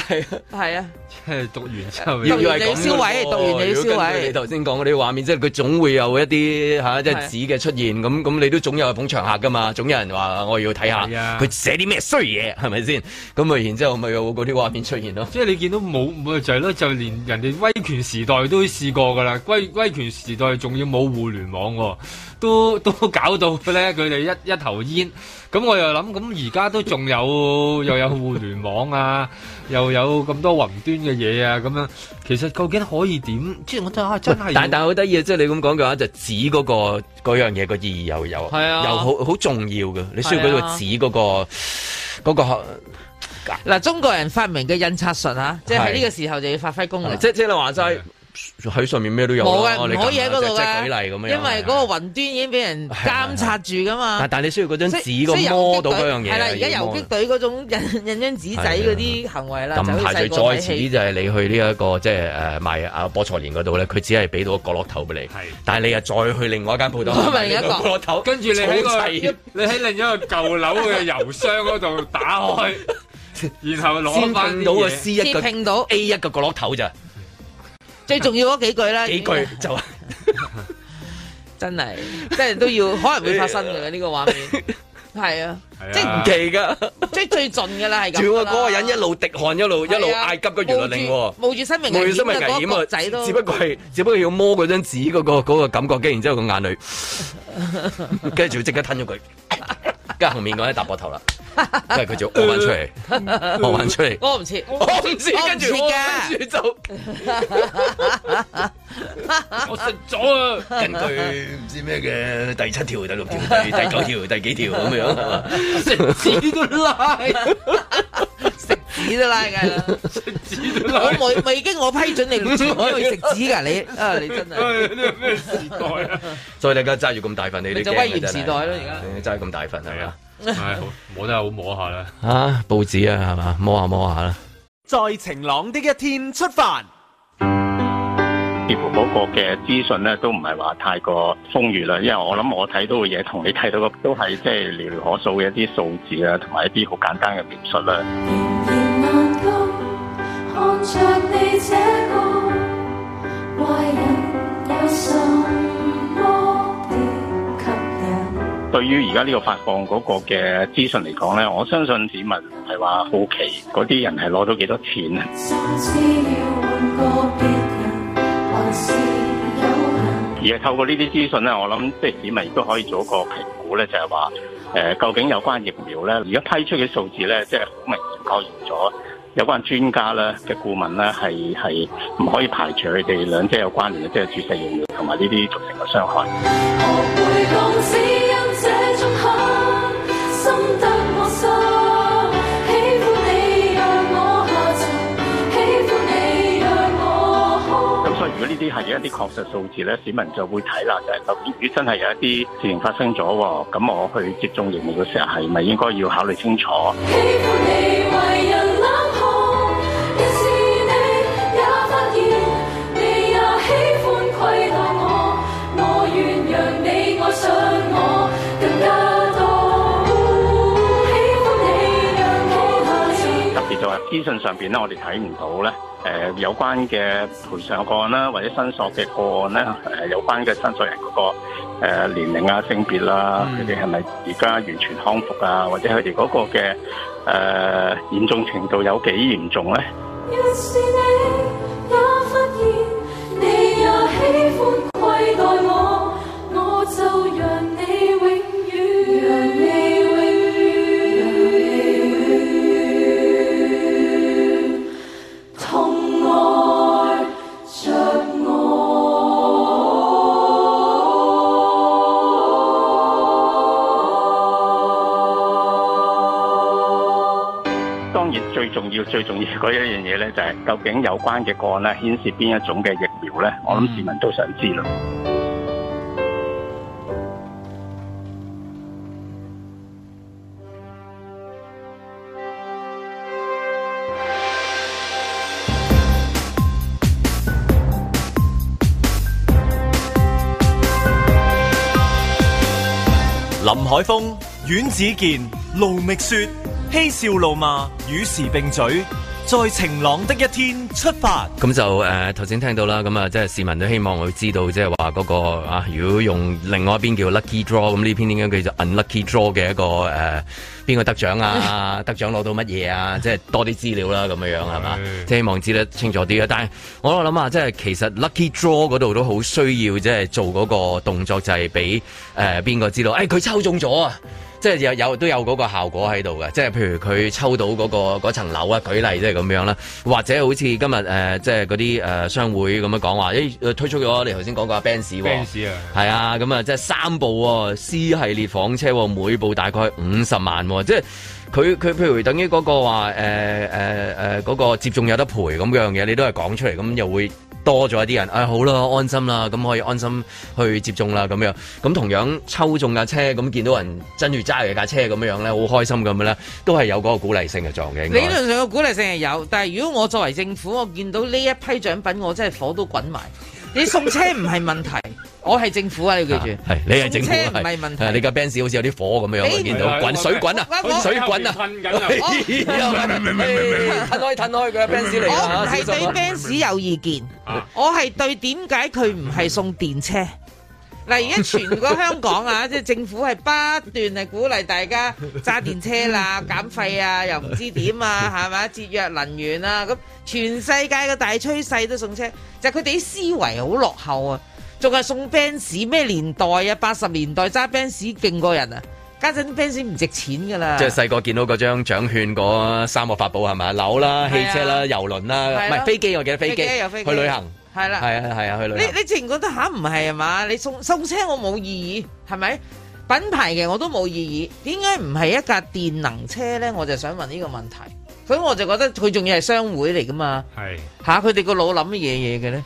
啊，即係讀完之後要要燒毀，讀完你要燒毀。你頭先講嗰啲畫面，即係佢總會有一啲吓，即係紙嘅出現。咁咁，你都總有捧場客噶嘛？總有人話我要睇下佢寫啲咩衰嘢，係咪先？咁啊，是是然之後咪有嗰啲畫面出現咯。即係你見到冇，咪就係咯，就連人哋威權時代都試過噶啦。威威權時代仲要冇互聯網。都都搞到咧，佢哋一一頭煙。咁我又諗，咁而家都仲有 又有互聯網啊，又有咁多雲端嘅嘢啊，咁樣其實究竟可以點？即係我真啊，真係。但但好得意啊，即係你咁講嘅話，就是、指嗰、嗰個嗰樣嘢個意義又有，又好好重要嘅。你需要嗰個指嗰個嗰個。嗱、啊嗰個嗰個啊，中國人發明嘅印刷術啊，即係喺呢個時候就要發揮功能。即即係話齋。喺上面咩都有我、啊、可以喺度舉例咁樣。因為嗰個雲端已經俾人監察住噶嘛。是是是是但係你需要嗰張紙個摸到嗰樣嘢。係啦，而家游擊隊嗰種印印章紙仔嗰啲行為啦，咁排隊再次就係你去呢、這個就是啊啊、一個即係誒賣阿波菜蓮嗰度咧，佢只係俾到個角落頭俾你。但係你又再去另外一間鋪頭另一個角落頭，跟住你喺個 你喺另一個舊樓嘅郵箱嗰度打開， 然後攞到個 C 一個，拼到 A 一嘅角落頭咋。最重要嗰幾句啦，幾句就 真係，即係都要， 可能會發生嘅呢 個畫畫面，係 啊，即係唔奇噶，即 係最盡噶啦，係咁。仲要嗰個人一路滴汗，一路、啊、一路嗌急，嘅原來令冒住生命冒住生命危險啊！只不過係只不過要摸嗰張紙，嗰個，嗰個感覺，跟然之後個眼淚跟住即刻吞咗佢。隔後面嗰啲搭膊頭啦，跟住佢就屙翻出嚟， 屙翻出嚟，我唔似，我唔知，跟住我跟住就， 我食咗啊！根據唔知咩嘅第七條、第六條、 第九條、第幾條咁 那樣，食屎都拉。 紙都拉噶啦，食 紙我！ 我未未 經我批准你，你唔可以食紙噶？你啊，你真係咩時代啊？所以 你而家揸住咁大份，你你威嚴時代咯、啊，而家揸咁大份係 是啊，係、 啊啊、摸真好摸下啦。啊，報紙啊，係嘛，摸下摸下啦。在晴朗的一天出發行，似乎嗰個嘅資訊咧都唔係話太過豐裕啦，因為我諗我睇到嘅嘢同你睇到嘅都係即係寥寥可數嘅一啲數字啊，同埋一啲好簡單嘅描述啦。對於而家呢個發放嗰個嘅資訊嚟講咧，我相信市民係話好奇嗰啲人係攞到幾多錢啊！而係透過呢啲資訊咧，我諗即係市民亦都可以做一個評估咧，就係話誒，究竟有關疫苗咧，而家批出嘅數字咧，即係好明顯確認咗。有關專家咧嘅顧問咧係係唔可以排除佢哋兩者有關聯嘅，即係注射疫苗同埋呢啲造成嘅傷害。咁 所以如果呢啲係一啲確實數字咧，市民就會睇啦，就係由於真係有一啲事情發生咗，咁我去接種疫苗嘅時候係咪應該要考慮清楚？ 資訊上邊咧，我哋睇唔到咧。誒，有關嘅賠償個案啦，或者申索嘅個案咧，誒、呃，有關嘅申索人嗰、嗰個、呃、年齡啊、性別啦、啊，佢哋係咪而家完全康復啊，或者佢哋嗰個嘅誒、呃、嚴重程度有幾嚴重咧？最重要嗰一樣嘢咧，就係究竟有關嘅個案咧，顯示邊一種嘅疫苗咧？我諗市民都想知啦。林海峰、阮子健、盧覓雪。嬉笑怒罵與時並舉，在晴朗的一天出發。咁就誒，頭、呃、先聽到啦，咁啊，即係市民都希望會知道、那個，即係話嗰個啊，如果用另外一邊叫 lucky draw，咁呢邊點解叫做 unlucky draw 嘅一個誒，邊、呃、個得獎啊？ 得獎攞到乜嘢啊？即、就、係、是、多啲資料啦，咁樣樣係嘛？即 係、就是、希望知得清楚啲啊。但係我諗下，即、就、係、是、其實 lucky draw 嗰度都好需要，即係做嗰個動作，就係俾誒邊個知道，誒、哎、佢抽中咗啊！即係有有都有嗰個效果喺度嘅，即係譬如佢抽到嗰、那個嗰層樓啊，舉例即係咁樣啦，或者好似今日誒、呃，即係嗰啲誒商會咁樣講話，誒、欸、推出咗你頭先講過阿 Benz 喎，係、哦、啊，咁啊，即係三部 C 系列房車，每部大概五十萬喎，即係佢佢譬如等於嗰個話誒誒嗰個接種有得賠咁樣嘢，你都係講出嚟，咁又會。多咗一啲人，啊、哎、好啦，安心啦，咁可以安心去接種啦，咁樣，咁同樣抽中架車，咁見到人爭住揸住架車咁樣咧，好開心咁樣咧，都係有嗰個鼓勵性嘅狀態。理論上嘅鼓勵性係有，但係如果我作為政府，我見到呢一批獎品，我真係火都滾埋。你送車唔係問題，我係政府啊！你記住，係你係政府，唔係問題。你架 Benz 好似有啲火咁樣，我見到滾水滾啊，滾水滾啊，褪緊啊，明唔明？吞開吞開，佢係 Benz 嚟。我唔係對 Benz 有意見，我係對點解佢唔係送電車。嗱而家全個香港啊，即係政府係不斷誒鼓勵大家揸電車啦、啊、減費啊，又唔知點啊，係咪節約能源啊？咁全世界嘅大趨勢都送車，就係佢哋啲思維好落後啊，仲係送 Benz 咩年代啊？八十年代揸 Benz 勁過人啊，家陣啲 Benz 唔值錢噶啦。即係細個見到嗰張獎券嗰三個法寶係咪，樓啦、啊、汽車啦、啊、遊輪啦，唔係、啊、飛機，我記得飛機、啊、有飛機去旅行。係啦，係啊，係啊，啊，去旅遊。你你自然覺得吓唔係係嘛？你送送車我冇意義，係咪？品牌嘅我都冇意義，點解唔係一架電能車咧？我就想問呢個問題，所以我就覺得佢仲要係商會嚟噶嘛？係吓，佢哋個腦諗乜嘢嘢嘅咧？的的呢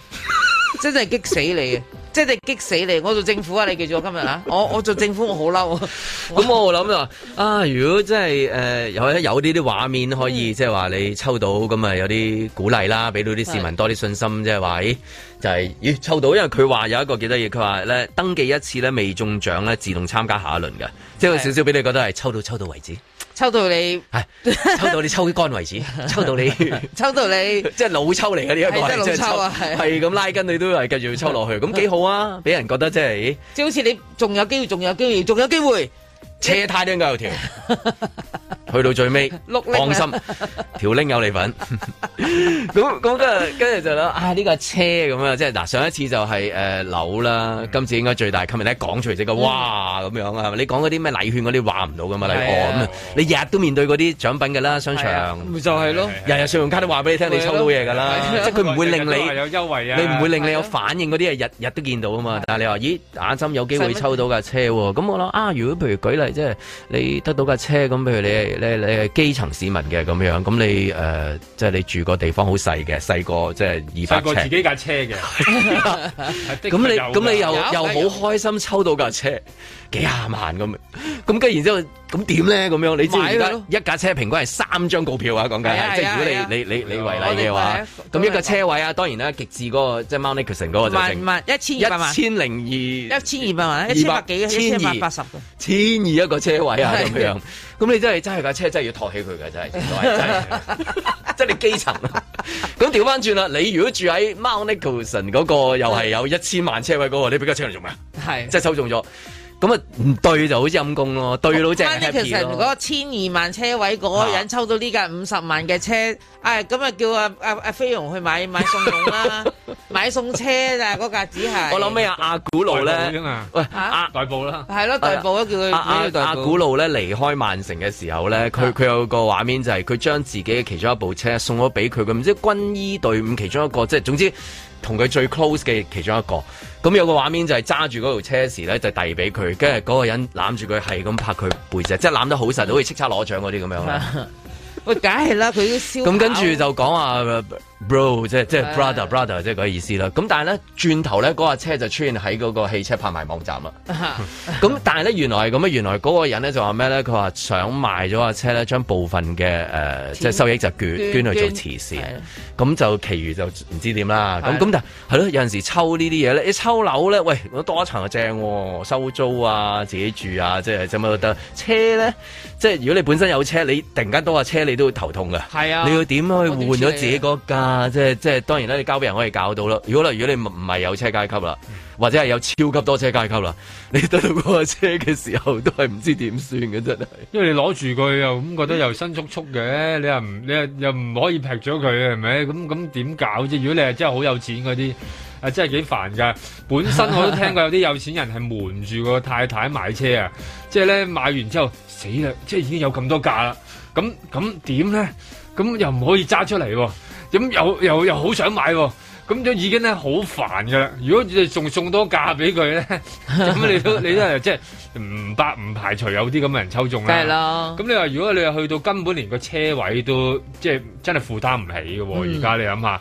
真係激死你啊！ 即係激死你！我做政府啊，你記住我今日啊，我我做政府，我好嬲啊！咁 我諗啦，啊，如果真係誒，有有啲啲畫面可以，即係話你抽到，咁啊有啲鼓勵啦，俾到啲市民多啲信心，即係話，咦，就係咦，抽到！因為佢話有一個幾得意，佢話咧登記一次咧未中獎咧自動參加下一輪嘅，即係少少俾你覺得係抽到抽到為止。抽到，抽，到抽， 抽到你，係抽到你抽乾為止，抽到你，抽到你，即係老抽嚟嘅呢一個，即係老抽啊，係係咁拉筋，你都係繼續抽落去，咁 幾好啊，俾人覺得即係，即好似你仲有機會，仲有機會，仲有機會，車胎都應該有條。 去到最尾，碌，放心條拎有你份。咁咁啊，跟 住 就諗，啊呢架、這個、車咁啊，即係嗱上一次就係誒樓啦，今、呃嗯、次應該最大今日咧講出嚟先嘅，哇咁、嗯、樣、嗯、啊，係、哦、咪？你講嗰啲咩禮券嗰啲話唔到㗎嘛？你哦你日日都面對嗰啲獎品㗎啦，商場、啊、就係、是、咯，日日信用卡都話俾你聽、啊就是，你抽到嘢㗎啦，即係佢唔會令你有優惠，啊。你唔會令你有反應嗰啲係日日都見到啊嘛。但係你話咦，眼針有機會抽到架車咁，我諗啊，如果譬如舉例即係你得到架車咁，譬如你。你係基層市民嘅咁樣，咁你誒，即、呃、係、就是、你住個地方好細嘅，細過即係二百尺。小過自己架車嘅，咁 你咁你又又好開心抽到架車。 幾廿萬咁，咁跟然之後咁點咧？咁樣你知而家一架車平均係三張告票啊！講緊係，即係如果你、啊、你、啊、你你為例嘅話，咁一個車位啊，當然啦，極致嗰、那個即係 Mount Nicholson 嗰個就萬,萬一千二，一千零二，一千二百萬，二百一千百幾，一千二百八,八十，千二一個車位啊！咁樣，咁、啊、你真係真係架車真係要托起佢嘅真係，真係，即係你基層。咁調翻轉啦，你如果住喺 Mount Nicholson 嗰個，又係有一千萬車位嗰、那個，你俾架車嚟做咩？係、啊，即、就、係、是、抽中咗。咁啊唔對就好似陰公咯，對到真係 happy 咯。其實嗰千二萬車位嗰人抽到呢架五十萬嘅車，唉咁啊、哎、叫阿阿阿菲榮去買買餸用啦，買餸， 買餸車就係嗰架只係。我諗咩啊，啊，啊，啊，啊？阿古路咧，喂，阿代步啦，係咯代步都叫。佢阿阿古路咧離開曼城嘅時候咧，佢佢有個畫面就係佢將自己嘅其中一部車送咗俾佢嘅，唔、啊、知軍醫隊伍其中一個，即、就、係、是、總之。同佢最 close 嘅其中一個，咁有個畫面就係揸住嗰條車匙咧，就遞俾佢，跟住嗰個人攬住佢，係咁拍佢背脊，即係攬得好實，好似叱咤攞獎嗰啲咁樣啦。喂、 哎，梗係啦，佢都燒着說說。咁跟住就講話。Bro，即係即係 brother，brother，即係嗰意思啦。咁但係咧，轉頭咧，嗰架車就出現喺嗰個汽車拍賣網站啦。咁 但係咧，原來係咁啊！原來嗰個人咧就話咩咧？佢話想賣咗架車咧，將部分嘅、呃、即係收益就捐捐，捐去做慈善。咁就其餘就唔知點啦。咁咁但係咯，有陣時抽呢啲嘢咧，你抽樓咧，喂，多一層又正、哦，收租啊，自己住啊，即係做乜都得。車咧，即係如果你本身有車，你突然間多架車，你都會頭痛噶。係啊，你要點去換咗自己嗰架？啊啊！即係即係，當然啦，你交俾人可以搞到啦。如果啦，如果你唔係係有車階級啦，或者係有超級多車階級啦，你得到嗰架車嘅時候，都係唔知點算嘅真係。因為你攞住佢又咁覺得又新簇簇嘅，你又唔你又唔可以劈咗佢係咪？咁咁點搞啫？如果你係真係好有錢嗰啲，啊真係幾煩㗎。本身我都聽過有啲有錢人係瞞住個太太買車啊，即係咧買完之後死啦，即係已經有咁多價啦。咁咁點咧？咁又唔可以揸出嚟喎，啊？咁又又又好想買喎，咁就已經咧好煩嘅啦。如果你仲送，送多架俾佢咧，咁你都你都係即係唔不唔排除有啲咁嘅人抽中啦。係咯。咁你話如果你係去到根本連個車位都即係真係負擔唔起嘅喎，而家你諗下。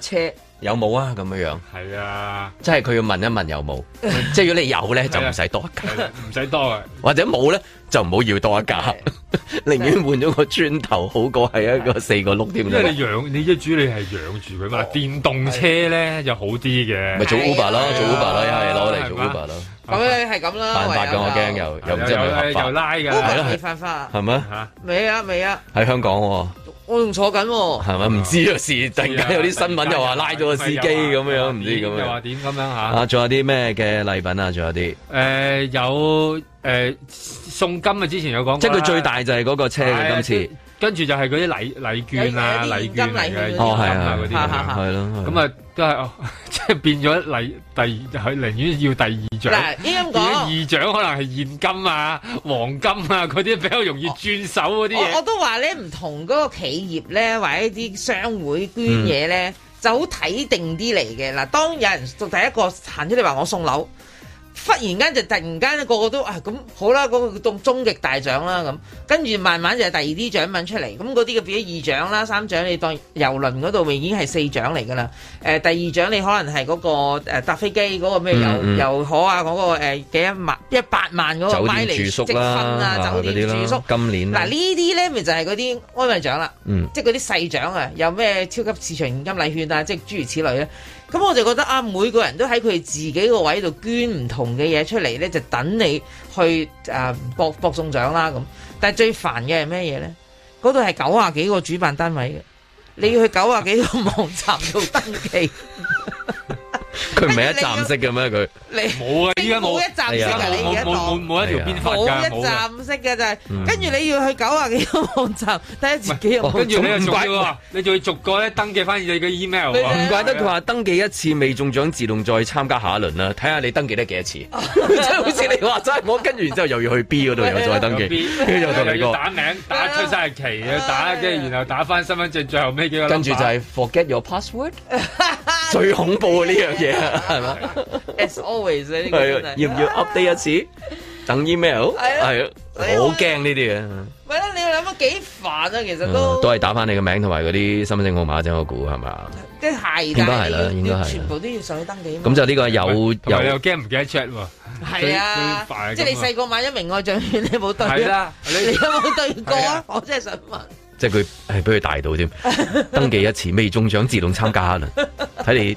車有冇啊？咁樣樣係啊，即係佢要問一問有冇，即係如果你有咧就唔使多一架，唔使多啊，或者冇咧就唔好要多一架，寧願換咗個磚頭好過係一個四個碌添。因為你養你即係主要你係養住佢嘛，電動車咧又好啲嘅，咪做 Uber 咯，做 Uber 咯，一係攞嚟做 Uber 咯，咁樣係咁啦。犯法噶我驚又又唔知係咪翻？又拉噶係咯，係咪？未啊未啊，喺香港。我仲坐緊喎、啊，係咪唔知有、啊、時突然間有啲新聞、啊、又話拉咗個司機咁樣，唔知咁樣又話點咁樣吓，啊，仲有啲咩嘅禮品啊？仲有啲誒、呃、有誒、呃、送金啊！之前有講，即係佢最大就係嗰個車嘅、哎、今次。跟住就係嗰啲禮禮券、啊、金禮券啊、禮券、啊、哦，現金啊嗰啲，係咯，咁啊都係即係變咗禮第二，佢寧願要第二獎，呢樣咁講，第二獎可能係現金啊、黃金啊嗰啲比較容易轉手嗰啲嘢。我都話咧，唔同嗰個企業咧，或者啲商會捐嘢咧，就好睇定啲嚟嘅。嗱，當有人做第一個行出嚟話我送樓。忽然間就突然間個個都啊咁、哎、好啦，嗰、那個都終極大獎啦咁，跟住慢慢就第二啲獎品出嚟，咁嗰啲嘅變咗二獎啦、三獎，你當遊輪嗰度已經係四獎嚟噶啦。誒、呃，第二獎你可能係嗰、那個、呃、搭飛機嗰個咩遊遊河啊，嗰、那個誒、呃、幾一萬一百萬嗰個。酒店，住宿啦，酒店住宿。啊、住宿今年嗱呢啲咧，咪、啊、就係嗰啲安慰獎啦，即係嗰啲細獎啊，有咩超級市場現金禮券啊，即、就、係、是、諸如此類咧、啊。咁我就覺得啊，每個人都喺佢自己個位度捐唔同嘅嘢出嚟呢，就等你去啊博博送獎啦咁。但係最煩嘅係咩嘢呢？嗰度係九啊幾個主辦單位嘅，你要去九啊幾個網站度登記 佢唔係一站式嘅咩？佢冇嘅，依家冇一站式嘅，就是，冇一條邊分一站式嘅就係跟住你要去九啊幾個網站，睇下自己、哦。跟住你又不怪不你仲要逐個咧登記翻你嘅 email、啊。唔、啊、怪不得佢話登記一次未中獎，自動再參加下一輪啦。睇下你登記得幾多次， 好似你話齋，我跟住完之後又要去 B 嗰度又再登記，啊、又打名是、啊、打出晒旗嘅打，跟住然後打翻身份證，最後尾幾個跟住就係 forget your password， 最恐怖啊呢樣。嘢、yeah, 啊，係嘛？As always 呢 啲要唔要 update 一次？啊、等 email？係啊，好驚呢啲嘅。咪咯，你諗下幾煩啊，其實、啊、都都係打翻你個名同埋嗰啲身份證號碼整我估係嘛？即係，應該係啦，應該係全部都要上去登記啊，咁就呢個有，又驚唔記得 check 喎。係啊，即係你細個買一名愛獎券，你冇對。係啦，你有冇對、啊啊、對過、啊係啊？我真係想問。即係佢係比佢大到添， 登記一次，未中獎自動參加啦，睇 你。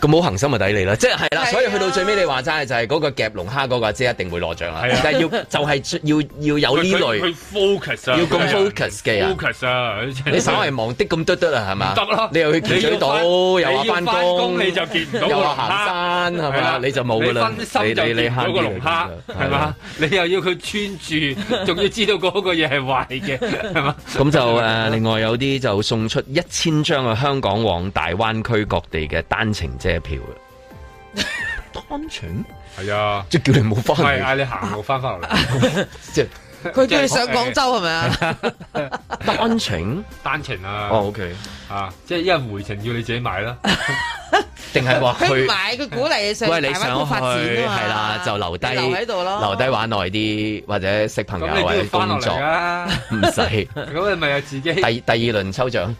咁冇恒心咪抵你啦，即係係啦，所以去到最尾你話齋就係嗰個夾龍蝦嗰個姐，姐一定會攞獎啦，啊。但係要就係，是，要要有呢類，focus 啊，要 focus 嘅 f o c u s 啊，就是！你稍微忙啲咁嘟嘟啦，係嘛？你又去見唔到，又話返工，又話行山，係 咪，啊，你就冇噶啦，你你分心就見唔、那個龍蝦，係嘛？你又要佢穿住，仲 要知道嗰個嘢係壞嘅，係嘛？咁就誒，啊，另外有啲就送出一千張去香港往大灣區各地嘅單程證車票啊，單程係啊，即係叫你冇翻，係嗌你行路翻翻落嚟，即係。佢叫你上廣州係咪、欸、啊？ 單程，單程啊！哦、oh，OK，啊，即係因為回程要你自己買啦，定係話佢買？佢鼓勵你上。喂，你想去係啦，就留低喺度咯，留低玩耐啲或者識朋友或者、啊、工作。唔使，咁你咪又自己。第第二輪抽獎，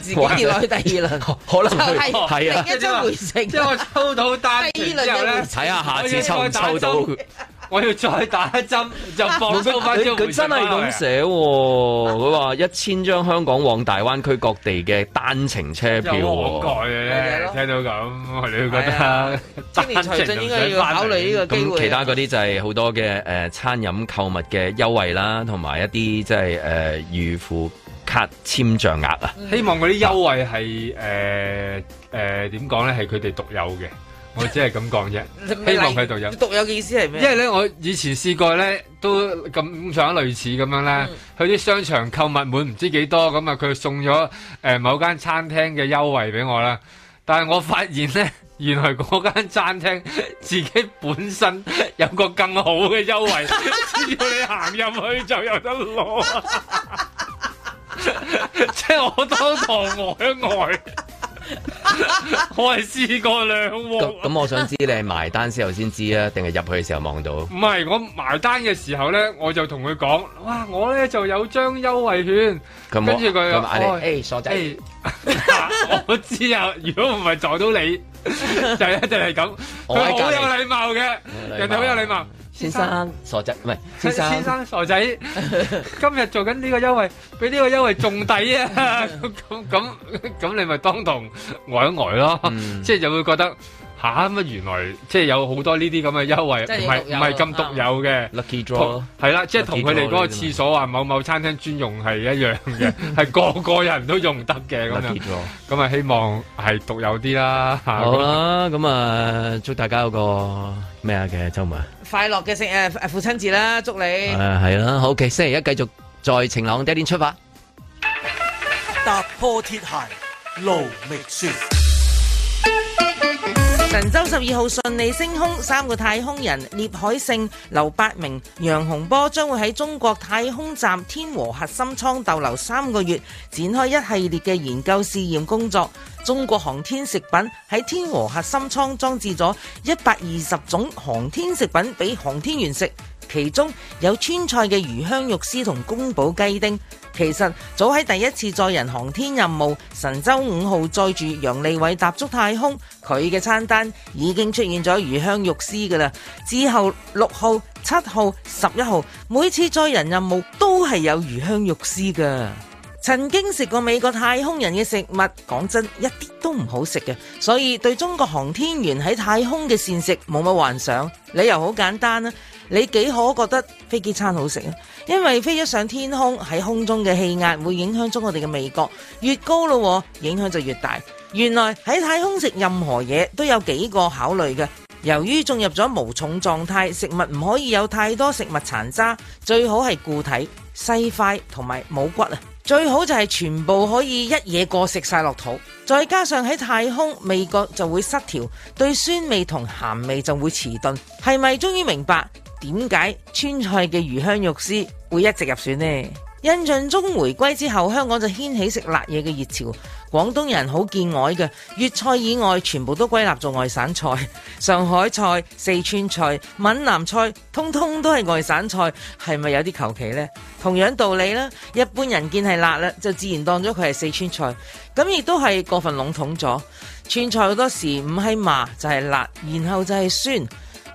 自己跌去第二輪，就係、是哦啊、一張回程。即、就、係、是、 我抽到第二輪睇下下次抽唔抽到。 我要再打一針就放鬆佢 真係咁寫喎，佢話一千張香港往大灣區各地嘅單程車票喎，啊。有 我蓋嘅，聽到咁，你都覺得？真係真係應該要考慮呢個機會。咁其他嗰啲就係好多嘅，誒、呃，餐飲、購物嘅優惠啦，同埋一啲即係，誒、呃，預付卡簽賬額啊。希望嗰啲優惠係，誒，誒、呃，點講咧？係佢哋獨有嘅。我只係咁講啫，希望佢獨有。獨有嘅意思係咩？因為咧，我以前試過咧，都咁上類似咁樣咧，去啲商場購物滿唔知幾多，咁啊佢送咗誒某間餐廳嘅優惠俾我啦。但係我發現咧，原來嗰間餐廳自己本身有個更好嘅優惠，只要你行入去就有得攞。即係我都當外。我係試過兩鑊。咁咁，我想知你埋單時候先知啊，定係入去嘅時候望到？唔係，我埋單嘅時候咧，我就同佢講：，哇，我咧就有張優惠券。跟住佢又，誒，傻仔，我知啊。如果唔係撞到你，就係就係咁。佢係好有禮貌嘅，人哋好有禮貌。先生傻仔，唔係先生，先生傻仔，今日做緊呢個優惠， 俾呢個優惠仲抵啊！咁咁咁你咪當同挨一挨咯，嗯、即係就會覺得。嚇咁啊！原來即係有好多呢啲咁嘅優惠，唔係唔係咁獨有嘅。Lucky draw 係啦，即係同佢哋嗰個廁所啊，某某餐廳專用係一樣嘅，係個個人都用得嘅咁樣。Lucky draw 咁啊，希望係獨有啲啦嚇。好啦，咁啊，祝大家有個咩啊嘅週末快樂嘅聖誒父親節啦，祝你。誒係啦，好嘅，星期一繼續在晴朗嘅一天出發，踏破鐵鞋路未絕。神舟十二號順利升空，三個太空人聶海勝、劉伯明、楊洪波將會喺中國太空站天和核心艙逗留三個月，展開一系列嘅研究試驗工作。中國航天食品喺天和核心艙裝置咗一百二十種航天食品俾航天員食，其中有川菜嘅魚香肉絲同宮保雞丁。其實早喺第一次載人航天任務，神舟五號載住楊利偉踏足太空，佢嘅餐單已經出現咗魚香肉絲噶啦。之後六號、七號、十一號每次載人任務都係有魚香肉絲噶。曾經食過美國太空人嘅食物，講真一啲都唔好食嘅，所以對中國航天員喺太空嘅膳食冇乜幻想。理由好簡單啦。你幾可覺得飛機餐好食啊？因為飛咗上天空，喺空中嘅氣壓會影響咗我哋嘅味覺，越高咯，影響就越大。原來喺太空食任何嘢都有幾個考慮嘅。由於進入咗無重狀態，食物唔可以有太多食物殘渣，最好係固體細塊同埋冇骨啊。最好就係全部可以一嘢過食晒落肚。再加上喺太空味覺就會失調，對酸味同鹹味就會遲鈍。係咪終於明白？點解川菜嘅魚香肉絲會一直入選呢？印象中回歸之後，香港就掀起食辣嘢嘅熱潮。廣東人好見外嘅，粵菜以外全部都歸納做外省菜。上海菜、四川菜、閩南菜，通通都係外省菜，係咪有啲求其呢？同樣道理啦，一般人見係辣啦，就自然當咗佢係四川菜。咁亦都係過分籠統咗。川菜好多時唔係麻就係辣，然後就係酸。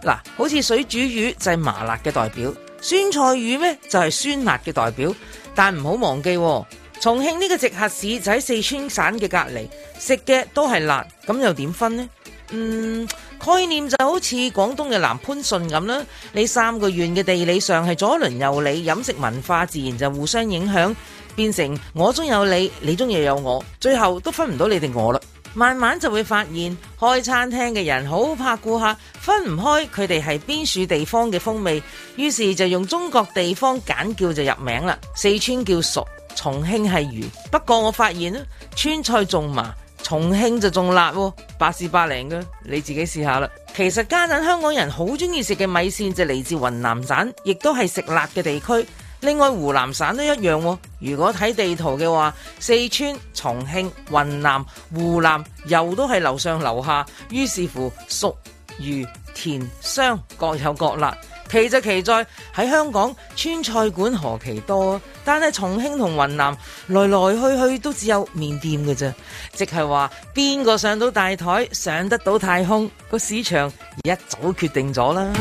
嗱，好似水煮魚就係麻辣嘅代表，酸菜魚呢就係酸辣嘅代表，但唔好忘記喎，重慶呢個直轄市就喺四川省嘅隔離，食嘅都係辣，咁又點分呢？嗯，概念就好似廣東嘅南番順咁啦，你三個縣嘅地理上係左鄰右里，飲食文化自然就互相影響，變成我中有你，你中又有我，最後都分唔到你哋我啦。慢慢就會發現，開餐廳嘅人好怕顧客分唔開佢哋係邊處地方嘅風味，於是就用中國地方簡叫就入名啦。四川叫蜀，重慶係渝。不過我發現，川菜重麻，重慶就重辣喎，百試百靈嘅，你自己試一下啦。其實家陣香港人好鍾意食嘅米線就嚟自雲南省，亦都係食辣嘅地區。另外，湖南省都一樣喎。如果睇地圖嘅話，四川、重慶、雲南、湖南又都係樓上樓下。於是乎，蜀、渝、黔、湘各有各辣。奇就奇在喺香港，川菜館何其多，但係重慶同雲南來來去去都只有麵店嘅啫。即係話，邊個上到大台，上得到太空，個市場一早決定咗啦。